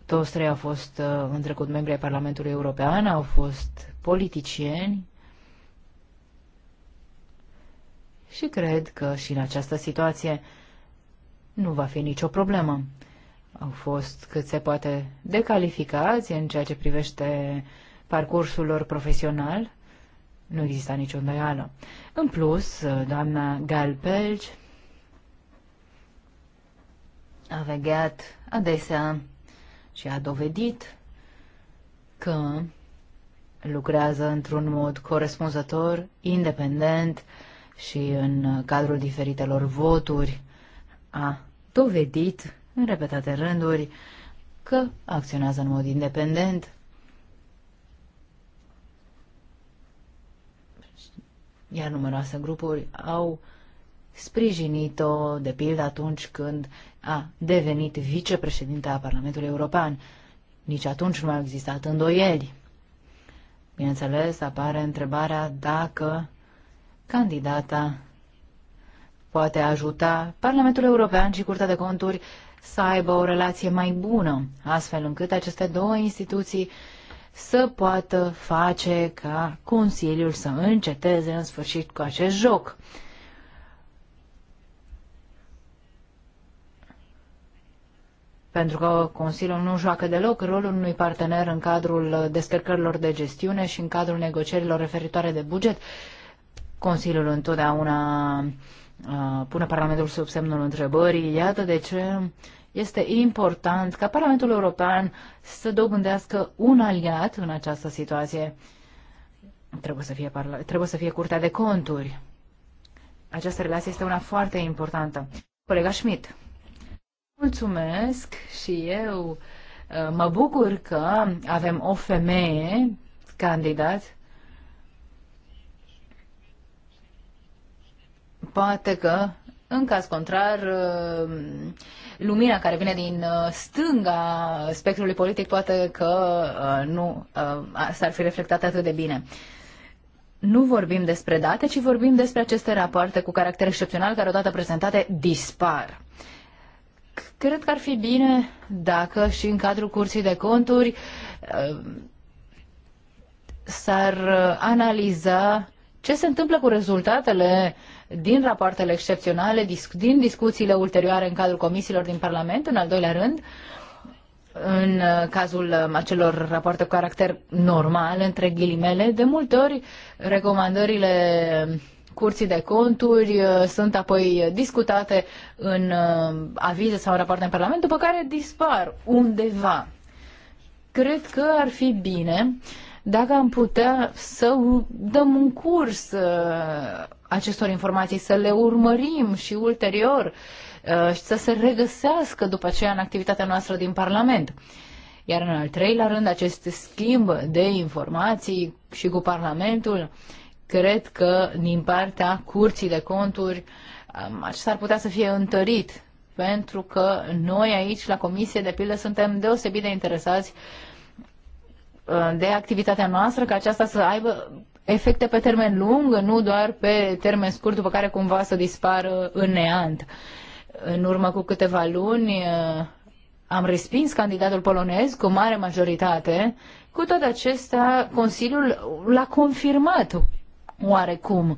Toți trei au fost uh, în trecut membri ai Parlamentului European, au fost politicieni, și cred că și în această situație nu va fi nicio problemă. Au fost cât se poate decalificați în ceea ce privește parcursul lor profesional. Nu exista nicio îndoială. În plus, doamna Galpelge a vegheat adesea și a dovedit că lucrează într-un mod corespunzător, independent, și în cadrul diferitelor voturi a dovedit în repetate rânduri că acționează în mod independent. Iar numeroase grupuri au sprijinit-o, de pildă atunci când a devenit vicepreședinte a Parlamentului European. Nici atunci nu au existat îndoieli. Bineînțeles, apare întrebarea dacă candidata poate ajuta Parlamentul European și Curtea de Conturi să aibă o relație mai bună, astfel încât aceste două instituții să poată face ca Consiliul să înceteze în sfârșit cu acest joc. pentru că Consiliul nu joacă deloc rolul unui partener în cadrul descărcărilor de gestiune și în cadrul negocierilor referitoare de buget. Consiliul întotdeauna uh, pune Parlamentul sub semnul întrebării. Iată de ce este important ca Parlamentul European să dobândească un aliat în această situație. Trebuie să fie, trebuie să fie Curtea de Conturi. Această relație este una foarte importantă. Colega Schmidt. Mulțumesc și eu uh, mă bucur că avem o femeie candidat poate că, în caz contrar, uh, lumina care vine din uh, stânga spectrului politic poate că uh, nu s-ar fi reflectat atât de bine nu vorbim despre date, ci vorbim despre aceste rapoarte cu caracter excepțional care odată prezentate dispar. Cred că ar fi bine dacă și în cadrul curții de conturi s-ar analiza ce se întâmplă cu rezultatele din rapoartele excepționale, din discuțiile ulterioare în cadrul comisiilor din Parlament, în al doilea rând, în uh, cazul uh, acelor rapoarte cu caracter normal, între ghilimele, de multe ori recomandările curții de conturi uh, sunt apoi discutate în avize sau în rapoarte în Parlament, după care dispar undeva. Cred că ar fi bine uh, dacă am putea să dăm un curs uh, acestor informații, să le urmărim și ulterior uh, și să se regăsească după aceea în activitatea noastră din Parlament. Iar în al treilea rând, acest schimb de informații și cu Parlamentul, cred că din partea Curții de Conturi acesta um, ar putea să fie întărit, pentru că noi aici, la Comisie, de pildă, suntem deosebit de interesați uh, Uh, de activitatea noastră, ca aceasta să aibă efecte pe termen lung, nu doar pe termen scurt, după care cumva să dispară în neant. În urmă cu câteva luni uh, am respins candidatul polonez cu mare majoritate. Cu toate acestea, Consiliul l-a confirmat oarecum.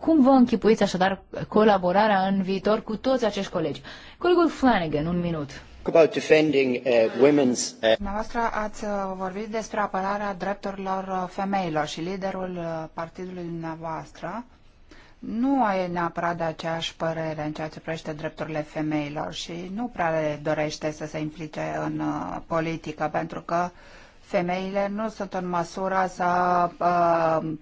Cum vă închipuiți așadar colaborarea în viitor cu toți acești colegi? Colegul Flanagan, un minut about defending uh, women's. Uh... Dumneavoastră ați uh, vorbit despre apărarea drepturilor uh, femeilor și liderul uh, partidului dumneavoastră nu e neapărat de aceeași părere în ceea ce privește drepturile femeilor și nu prea le dorește să se implice în politică, pentru că femeile nu sunt în măsură să uh,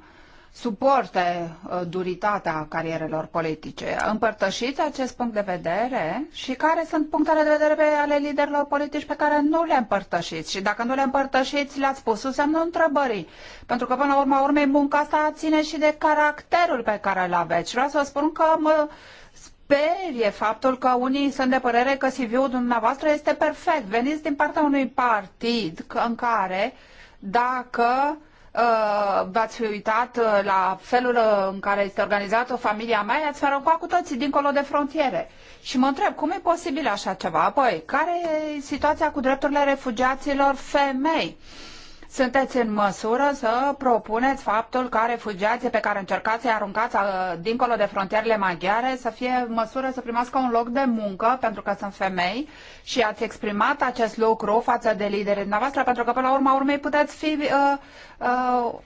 suporte uh, duritatea carierelor politice. Împărtășiți acest punct de vedere și care sunt punctele de vedere ale liderilor politici pe care nu le împărtășiți? Și dacă nu le împărtășiți, le-ați pus sub semnul întrebării. Pentru că, până la urma urmei, munca asta ține și de caracterul pe care îl aveți. Și vreau să vă spun că mă sperie faptul că unii sunt de părere că CV-ul dumneavoastră este perfect. Veniți din partea unui partid în care, dacă uh, Uh, v-ați uitat uh, la felul uh, în care este organizată familia mea, i-ați aruncat cu toții dincolo de frontiere. Și mă întreb, cum e posibil așa ceva? Apoi, care e situația cu drepturile refugiaților femei? Uh, sunteți în măsură să propuneți faptul ca refugiații pe care încercați să-i aruncați uh, dincolo de frontierele maghiare să fie în măsură să primească un loc de muncă pentru că sunt femei și ați exprimat acest lucru față de liderii dumneavoastră pentru că până la urma urmei puteți fi uh, uh,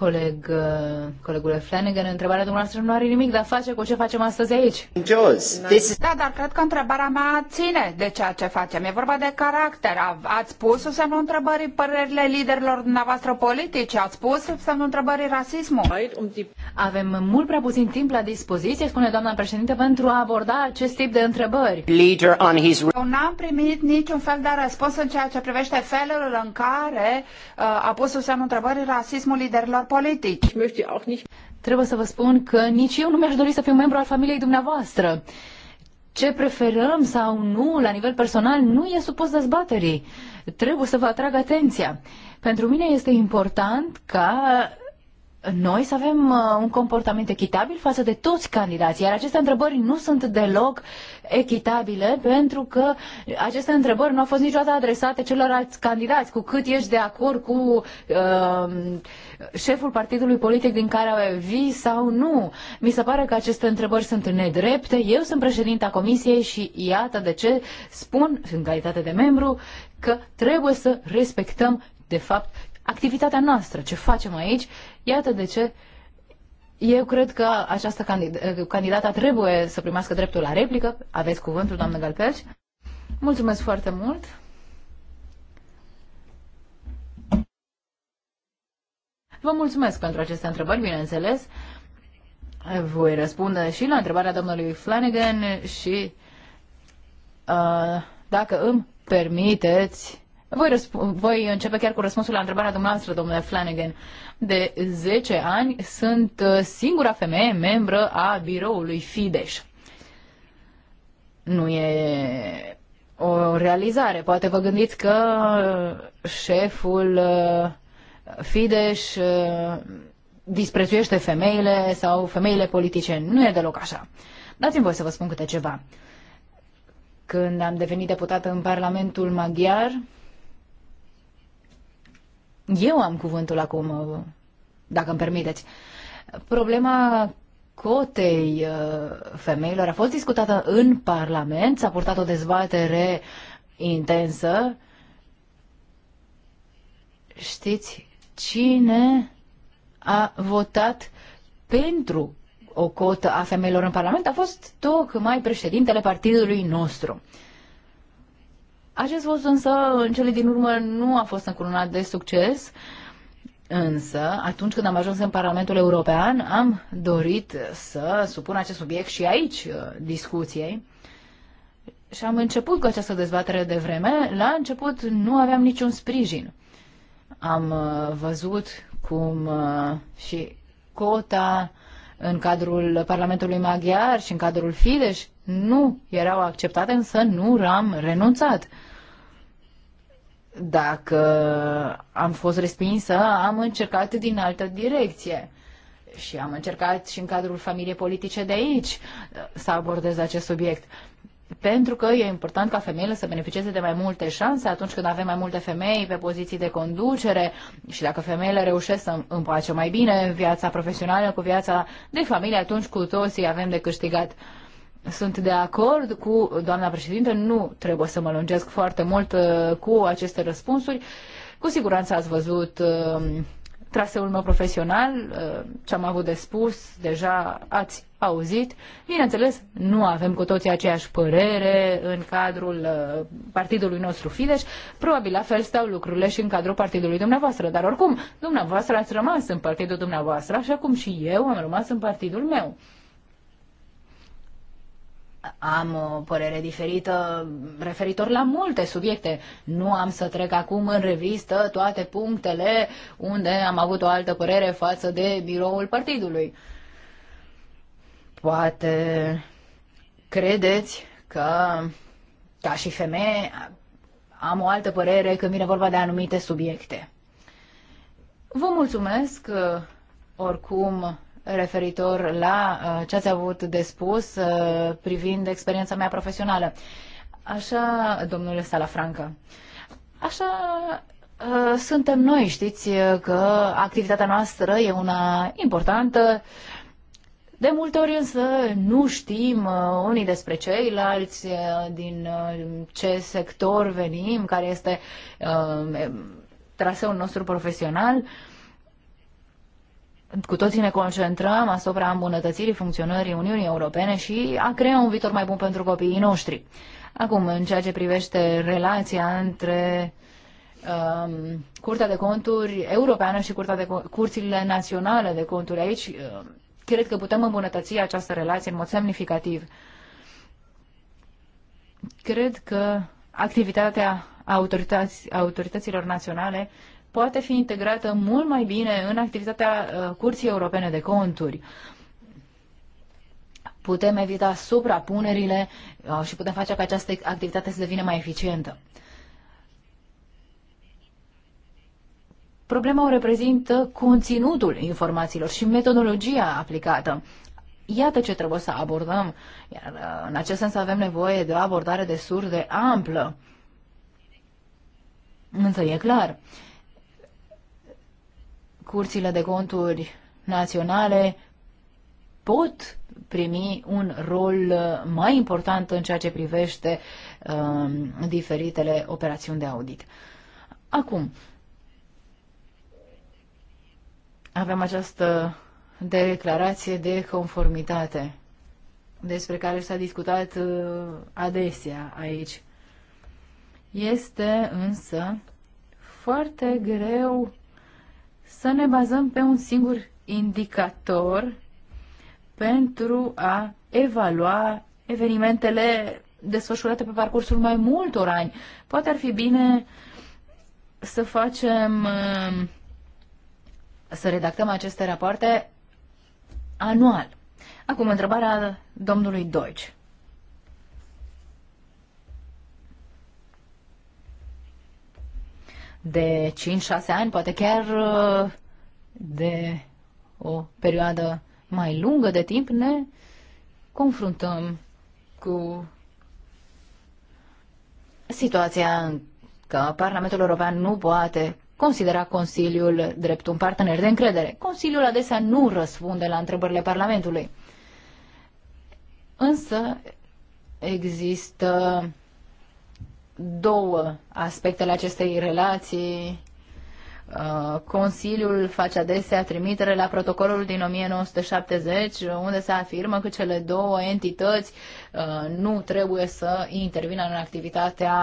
Coleg, uh, colegule Flanagan, întrebarea dumneavoastră nu are nimic de a face cu ce facem astăzi aici. Da, dar cred că întrebarea mea ține de ceea ce facem. E vorba de caracter. Ați pus să semnul întrebării părerile liderilor dumneavoastră politici. Ați pus să semnul întrebării rasismul. Avem mult prea puțin timp la dispoziție, spune doamna președinte, pentru a aborda acest tip de întrebări. Leader on his... Eu n-am primit niciun fel de răspuns în ceea ce privește felul în care uh, a pus să semnul întrebării rasismul liderilor politici. Trebuie să vă spun că nici eu nu mi-aș dori să fiu membru al familiei dumneavoastră. Ce preferăm sau nu la nivel personal nu e supus dezbaterii. Trebuie să vă atrag atenția. Pentru mine este important ca noi să avem uh, un comportament echitabil față de toți candidații, iar aceste întrebări nu sunt deloc echitabile pentru că aceste întrebări nu au fost niciodată adresate celorlalți candidați, cu cât ești de acord cu uh, șeful partidului politic din care vii sau nu. Mi se pare că aceste întrebări sunt nedrepte. Eu sunt președinta comisiei și iată de ce spun, în calitate de membru, că trebuie să respectăm de fapt activitatea noastră, ce facem aici. Iată de ce eu cred că această candid- eh, candidată trebuie să primească dreptul la replică. Aveți cuvântul, doamnă Galperci. Mulțumesc foarte mult. Vă mulțumesc pentru aceste întrebări, bineînțeles. Voi răspunde și la întrebarea domnului Flanagan și uh, dacă îmi permiteți voi, voi începe chiar cu răspunsul la întrebarea dumneavoastră, domnule Flanagan. De 10 ani sunt uh, singura femeie membră a biroului Fidesz. Nu e o realizare. Poate vă gândiți că șeful uh, Fidesz uh, disprețuiește femeile sau femeile politice. Nu e deloc așa. Dați-mi voi să vă spun câte ceva. Când am devenit deputată în Parlamentul Maghiar, eu am cuvântul acum, dacă îmi permiteți. Problema cotei uh, femeilor a fost discutată în Parlament, s-a purtat o dezbatere intensă. Știți cine a votat pentru o cotă a femeilor în Parlament? A fost tocmai președintele partidului nostru. Uh, acest fost însă în cele din urmă nu a fost încurunat de succes, însă atunci când am ajuns în Parlamentul European am dorit să supun acest subiect și aici uh, discuției. Și am început cu această dezbatere de vreme. La început nu aveam niciun sprijin. Am uh, văzut cum uh, și cota în cadrul Parlamentului Maghiar și în cadrul Fidesz nu erau acceptate, însă nu am renunțat. Dacă am fost respinsă, am încercat din altă direcție. Și am încercat și în cadrul familiei politice de aici uh, să abordez acest subiect pentru că e important ca femeile să beneficieze de mai multe șanse atunci când avem mai multe femei pe poziții de conducere și dacă femeile reușesc să împace mai bine viața profesională cu viața de familie, atunci cu toții avem de câștigat. Sunt de acord cu doamna președinte, nu trebuie să mă lungesc foarte mult uh, cu aceste răspunsuri. Cu siguranță ați văzut um, traseul meu profesional, uh, ce am avut de spus, deja ați auzit. Bineînțeles, nu avem cu toții aceeași părere în cadrul uh, partidului nostru Fidesz. Probabil la fel stau lucrurile și în cadrul partidului dumneavoastră. Dar oricum, dumneavoastră ați rămas în partidul dumneavoastră, așa cum și eu am rămas în partidul meu am o părere diferită referitor la multe subiecte. Nu am să trec acum în revistă toate punctele unde am avut o altă părere față de biroul partidului. Poate credeți că, ca și femeie, am o altă părere când vine vorba de anumite subiecte. Vă mulțumesc uh, oricum referitor la uh, ce ați avut de spus uh, privind experiența mea profesională. Așa, domnule Salafranca, așa uh, suntem noi, știți că activitatea noastră e una importantă, de multe ori însă nu știm uh, unii despre ceilalți, uh, din uh, ce sector venim, care este uh, traseul nostru profesional. Uh, cu toții ne concentrăm asupra îmbunătățirii funcționării Uniunii Europene și a crea un viitor mai bun pentru copiii noștri. Acum, în ceea ce privește relația între um, Curtea de Conturi Europeană și Curtea de Curțile Naționale de Conturi aici, um, cred că putem îmbunătăți această relație în mod semnificativ. Cred că activitatea autorități, autorităților naționale poate fi integrată mult mai bine în activitatea uh, Curții Europene de Conturi. Putem evita suprapunerile uh, și putem face ca această activitate să devină mai eficientă. Problema o reprezintă conținutul informațiilor și metodologia aplicată. Iată ce trebuie să abordăm, iar uh, în acest sens avem nevoie de o abordare de de amplă. Însă e clar, uh, curțile de conturi naționale pot primi un rol mai important în ceea ce privește uh, diferitele operațiuni de audit. Acum, avem această declarație de conformitate despre care s-a discutat uh, adesea aici. Este însă foarte greu să ne bazăm pe un singur indicator pentru a evalua evenimentele desfășurate pe parcursul mai multor ani. Poate ar fi bine să facem, um, să redactăm aceste rapoarte anual. Acum, întrebarea domnului Deutsch. de 5-6 ani, poate chiar uh, de o perioadă mai lungă de timp, ne confruntăm cu situația că Parlamentul European nu poate considera Consiliul drept un partener de încredere. Consiliul adesea nu răspunde la întrebările Parlamentului. Însă există două aspectele acestei relații. Uh, Consiliul face adesea trimitere la protocolul din 1970, unde se afirmă că cele două entități uh, nu trebuie să intervină în activitatea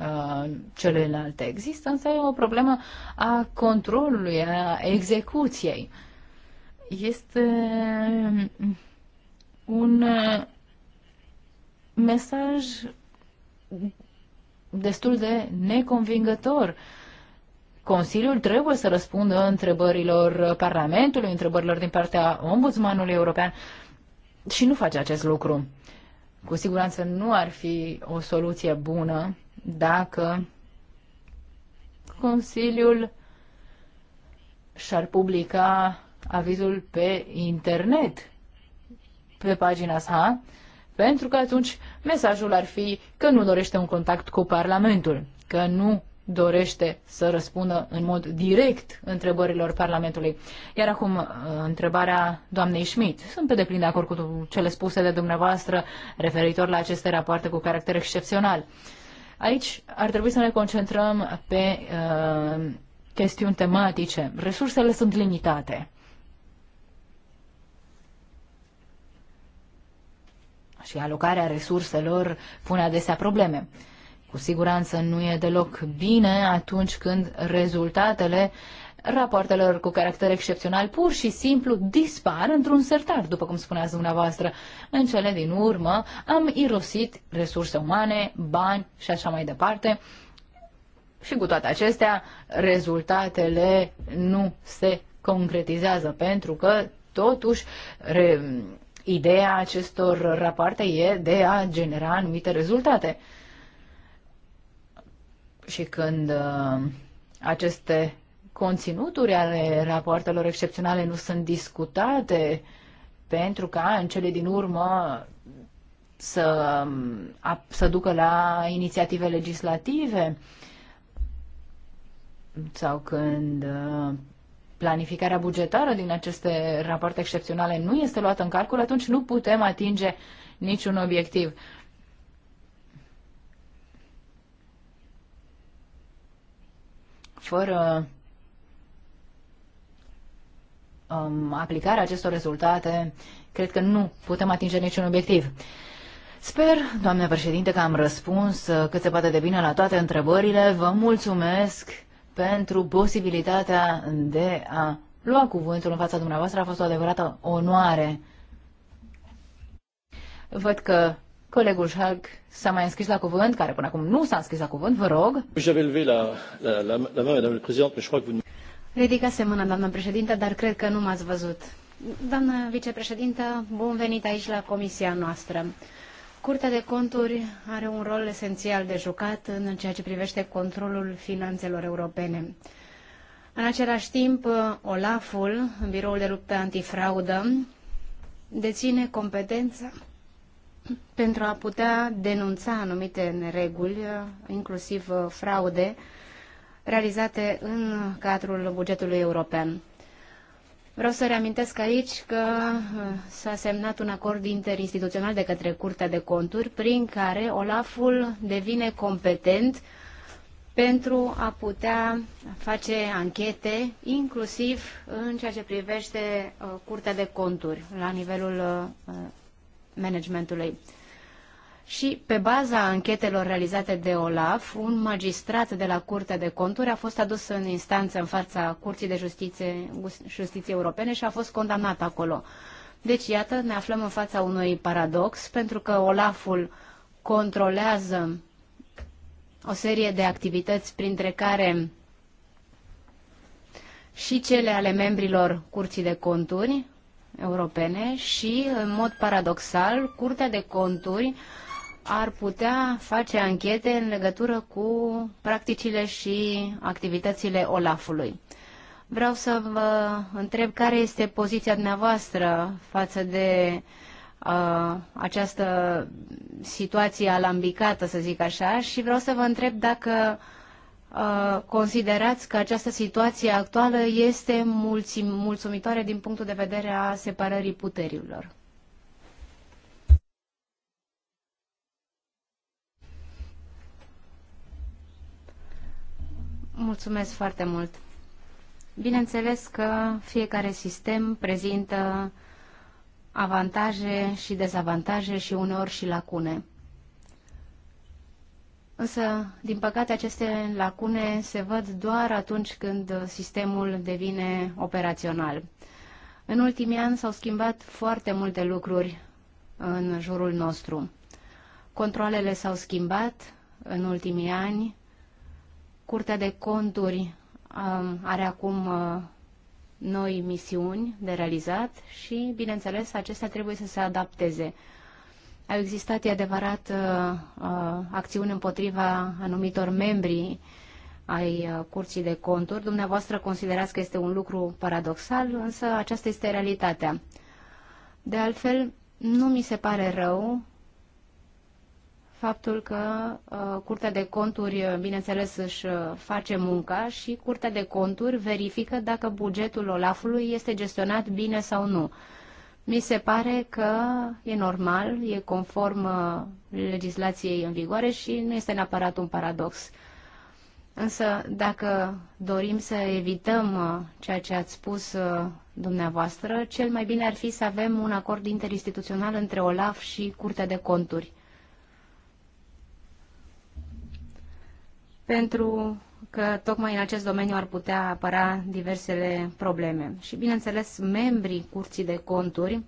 uh, celelalte. Există însă o problemă a controlului, a execuției. Este un mesaj destul de neconvingător. Consiliul trebuie să răspundă întrebărilor Parlamentului, întrebărilor din partea Ombudsmanului European și nu face acest lucru. Cu siguranță nu ar fi o soluție bună dacă Consiliul și-ar publica avizul pe internet, pe pagina sa, pentru că atunci mesajul ar fi că nu dorește un contact cu Parlamentul, că nu dorește să răspundă în mod direct întrebărilor Parlamentului. Iar acum, uh, întrebarea doamnei Schmidt. Sunt pe deplin de acord cu cele spuse de dumneavoastră referitor la aceste rapoarte cu caracter excepțional. Aici ar trebui să ne concentrăm pe uh, chestiuni tematice. Resursele sunt limitate. și alocarea resurselor pune adesea probleme. Cu siguranță nu e deloc bine atunci când rezultatele rapoartelor cu caracter excepțional pur și simplu dispar într-un sertar, după cum spuneați dumneavoastră. În cele din urmă am irosit resurse umane, bani și așa mai departe. Și cu toate acestea, rezultatele nu se concretizează pentru că totuși re, Ideea acestor rapoarte e de a genera anumite rezultate. Și când uh, aceste conținuturi ale rapoartelor excepționale nu sunt discutate, pentru ca în cele din urmă să, um, a, să ducă la inițiative legislative sau când uh, planificarea bugetară din aceste rapoarte excepționale nu este luată în calcul, atunci nu putem atinge niciun obiectiv. Fără um, aplicarea acestor rezultate, cred că nu putem atinge niciun obiectiv. Sper, doamne președinte, că am răspuns cât se poate de bine la toate întrebările. Vă mulțumesc! pentru posibilitatea de a lua cuvântul în fața dumneavoastră. A fost o adevărată onoare. Văd că colegul Șalc s-a mai înscris la cuvânt, care până acum nu s-a înscris la cuvânt, vă rog. Ridicase mâna, doamnă președintă, dar cred că nu m-ați văzut. Doamnă vicepreședintă, bun venit aici la comisia noastră. Curtea de conturi are un rol esențial de jucat în ceea ce privește controlul finanțelor europene. În același timp, OLAF-ul, Biroul de Luptă Antifraudă, deține competența pentru a putea denunța anumite nereguli, inclusiv fraude, realizate în cadrul bugetului european. Vreau să reamintesc aici că uh, s-a semnat un acord interinstituțional de către Curtea de Conturi prin care Olaful devine competent pentru a putea face anchete, inclusiv în ceea ce privește uh, Curtea de Conturi la nivelul uh, managementului și pe baza anchetelor realizate de OLAF, un magistrat de la Curtea de Conturi a fost adus în instanță în fața Curții de Justiție, Justiție Europene și a fost condamnat acolo. Deci, iată, ne aflăm în fața unui paradox, pentru că OLAF-ul controlează o serie de activități, printre care și cele ale membrilor Curții de Conturi europene și, în mod paradoxal, Curtea de Conturi ar putea face anchete în legătură cu practicile și activitățile Olafului. Vreau să vă întreb care este poziția dumneavoastră față de uh, această situație alambicată, să zic așa, și vreau să vă întreb dacă uh, considerați că această situație actuală este mulțumitoare din punctul de vedere a separării puterilor. Mulțumesc foarte mult. Bineînțeles că fiecare sistem prezintă avantaje și dezavantaje și uneori și lacune. Însă, din păcate, aceste lacune se văd doar atunci când sistemul devine operațional. În ultimii ani s-au schimbat foarte multe lucruri în jurul nostru. Controlele s-au schimbat în ultimii ani, Curtea de conturi um, are acum uh, noi misiuni de realizat și, bineînțeles, acestea trebuie să se adapteze. Au existat, e adevărat, uh, uh, acțiuni împotriva anumitor membri ai Curții de Conturi. Dumneavoastră considerați că este un lucru paradoxal, însă aceasta este realitatea. De altfel, nu mi se pare rău faptul că uh, Curtea de Conturi, uh, bineînțeles, își uh, face munca și Curtea de Conturi verifică dacă bugetul Olafului este gestionat bine sau nu. Mi se pare că e normal, e conform uh, legislației în vigoare și nu este neapărat un paradox. Însă, dacă dorim să evităm ceea ce ați spus dumneavoastră, cel mai bine ar fi să avem un acord interinstituțional între OLAF și Curtea de Conturi pentru că tocmai în acest domeniu ar putea apăra diversele probleme. Și, bineînțeles, membrii Curții de Conturi,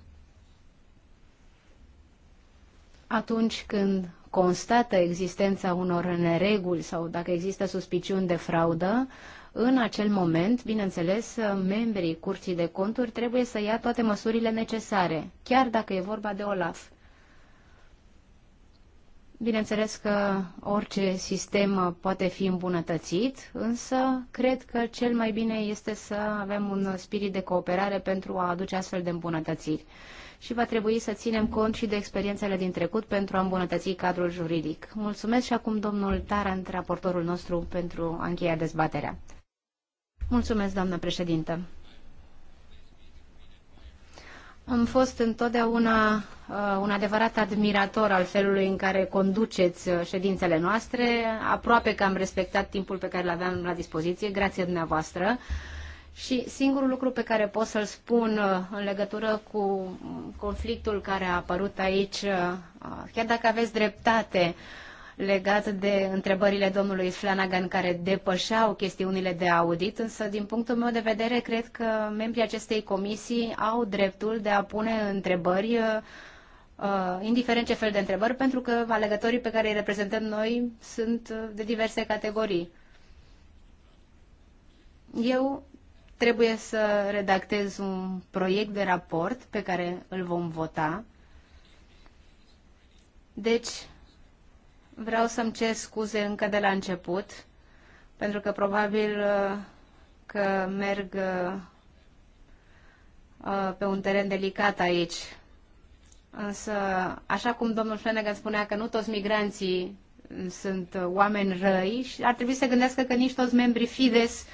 atunci când constată existența unor nereguli sau dacă există suspiciuni de fraudă, în acel moment, bineînțeles, membrii Curții de Conturi trebuie să ia toate măsurile necesare, chiar dacă e vorba de OLAF. Bineînțeles că orice sistem poate fi îmbunătățit, însă cred că cel mai bine este să avem un spirit de cooperare pentru a aduce astfel de îmbunătățiri. Și va trebui să ținem cont și de experiențele din trecut pentru a îmbunătăți cadrul juridic. Mulțumesc și acum domnul Tarant, raportorul nostru, pentru a încheia dezbaterea. Mulțumesc, doamnă președintă. Am fost întotdeauna uh, un adevărat admirator al felului în care conduceți uh, ședințele noastre. Aproape că am respectat timpul pe care îl aveam la dispoziție, grație dumneavoastră. Și singurul lucru pe care pot să-l spun uh, în legătură cu uh, conflictul care a apărut aici, chiar dacă aveți dreptate, uh, legat de întrebările domnului Flanagan care depășeau chestiunile de audit, însă din punctul meu de vedere cred că membrii acestei comisii au dreptul de a pune întrebări, uh, uh, indiferent ce fel de întrebări, pentru că alegătorii pe care îi reprezentăm noi sunt uh, de diverse categorii. Eu trebuie să redactez un proiect de raport pe care îl vom vota. Deci, Vreau să-mi cer scuze încă de la început, pentru că probabil uh, că merg uh, uh, pe un teren delicat aici. Însă, așa cum domnul Flanagan spunea că nu toți migranții sunt oameni răi și ar trebui să gândească că nici toți membrii Fides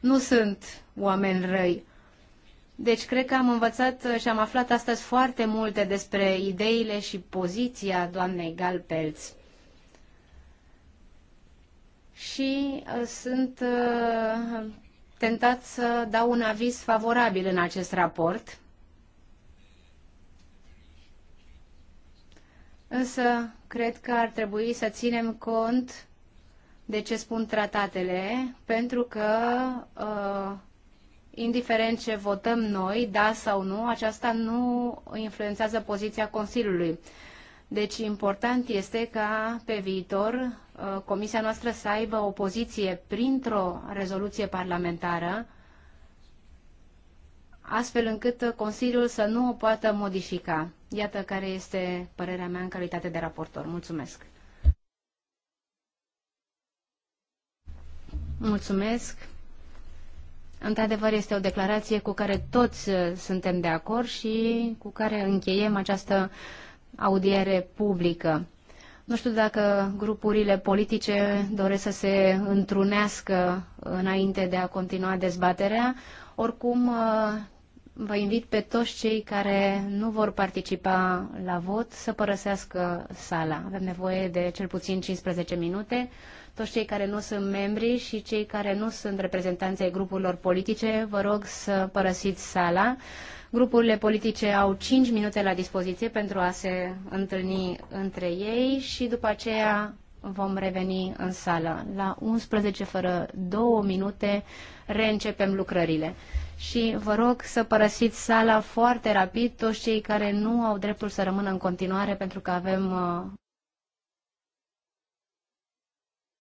nu sunt oameni răi. Deci cred că am învățat și am aflat astăzi foarte multe despre ideile și poziția doamnei Galpelți și uh, sunt uh, tentat să dau un aviz favorabil în acest raport. Însă, cred că ar trebui să ținem cont de ce spun tratatele, pentru că, uh, indiferent ce votăm noi, da sau nu, aceasta nu influențează poziția Consiliului. Deci, important este ca pe viitor Uh, comisia noastră să aibă o poziție printr-o rezoluție parlamentară, astfel încât Consiliul să nu o poată modifica. Iată care este părerea mea în calitate de raportor. Mulțumesc! Mulțumesc! Într-adevăr, este o declarație cu care toți uh, suntem de acord și cu care încheiem această audiere publică. Nu știu dacă grupurile politice doresc să se întrunească înainte de a continua dezbaterea. Oricum, uh, vă invit pe toți cei care nu vor participa la vot să părăsească sala. Avem nevoie de cel puțin 15 minute. Toți cei care nu sunt membri și cei care nu sunt reprezentanții grupurilor politice, vă rog să părăsiți sala Grupurile politice au 5 minute la dispoziție pentru a se întâlni între ei și după aceea vom reveni în sală. La 11 fără 2 minute reîncepem lucrările. Și vă rog să părăsiți sala foarte rapid toți cei care nu au dreptul să rămână în continuare pentru că avem uh,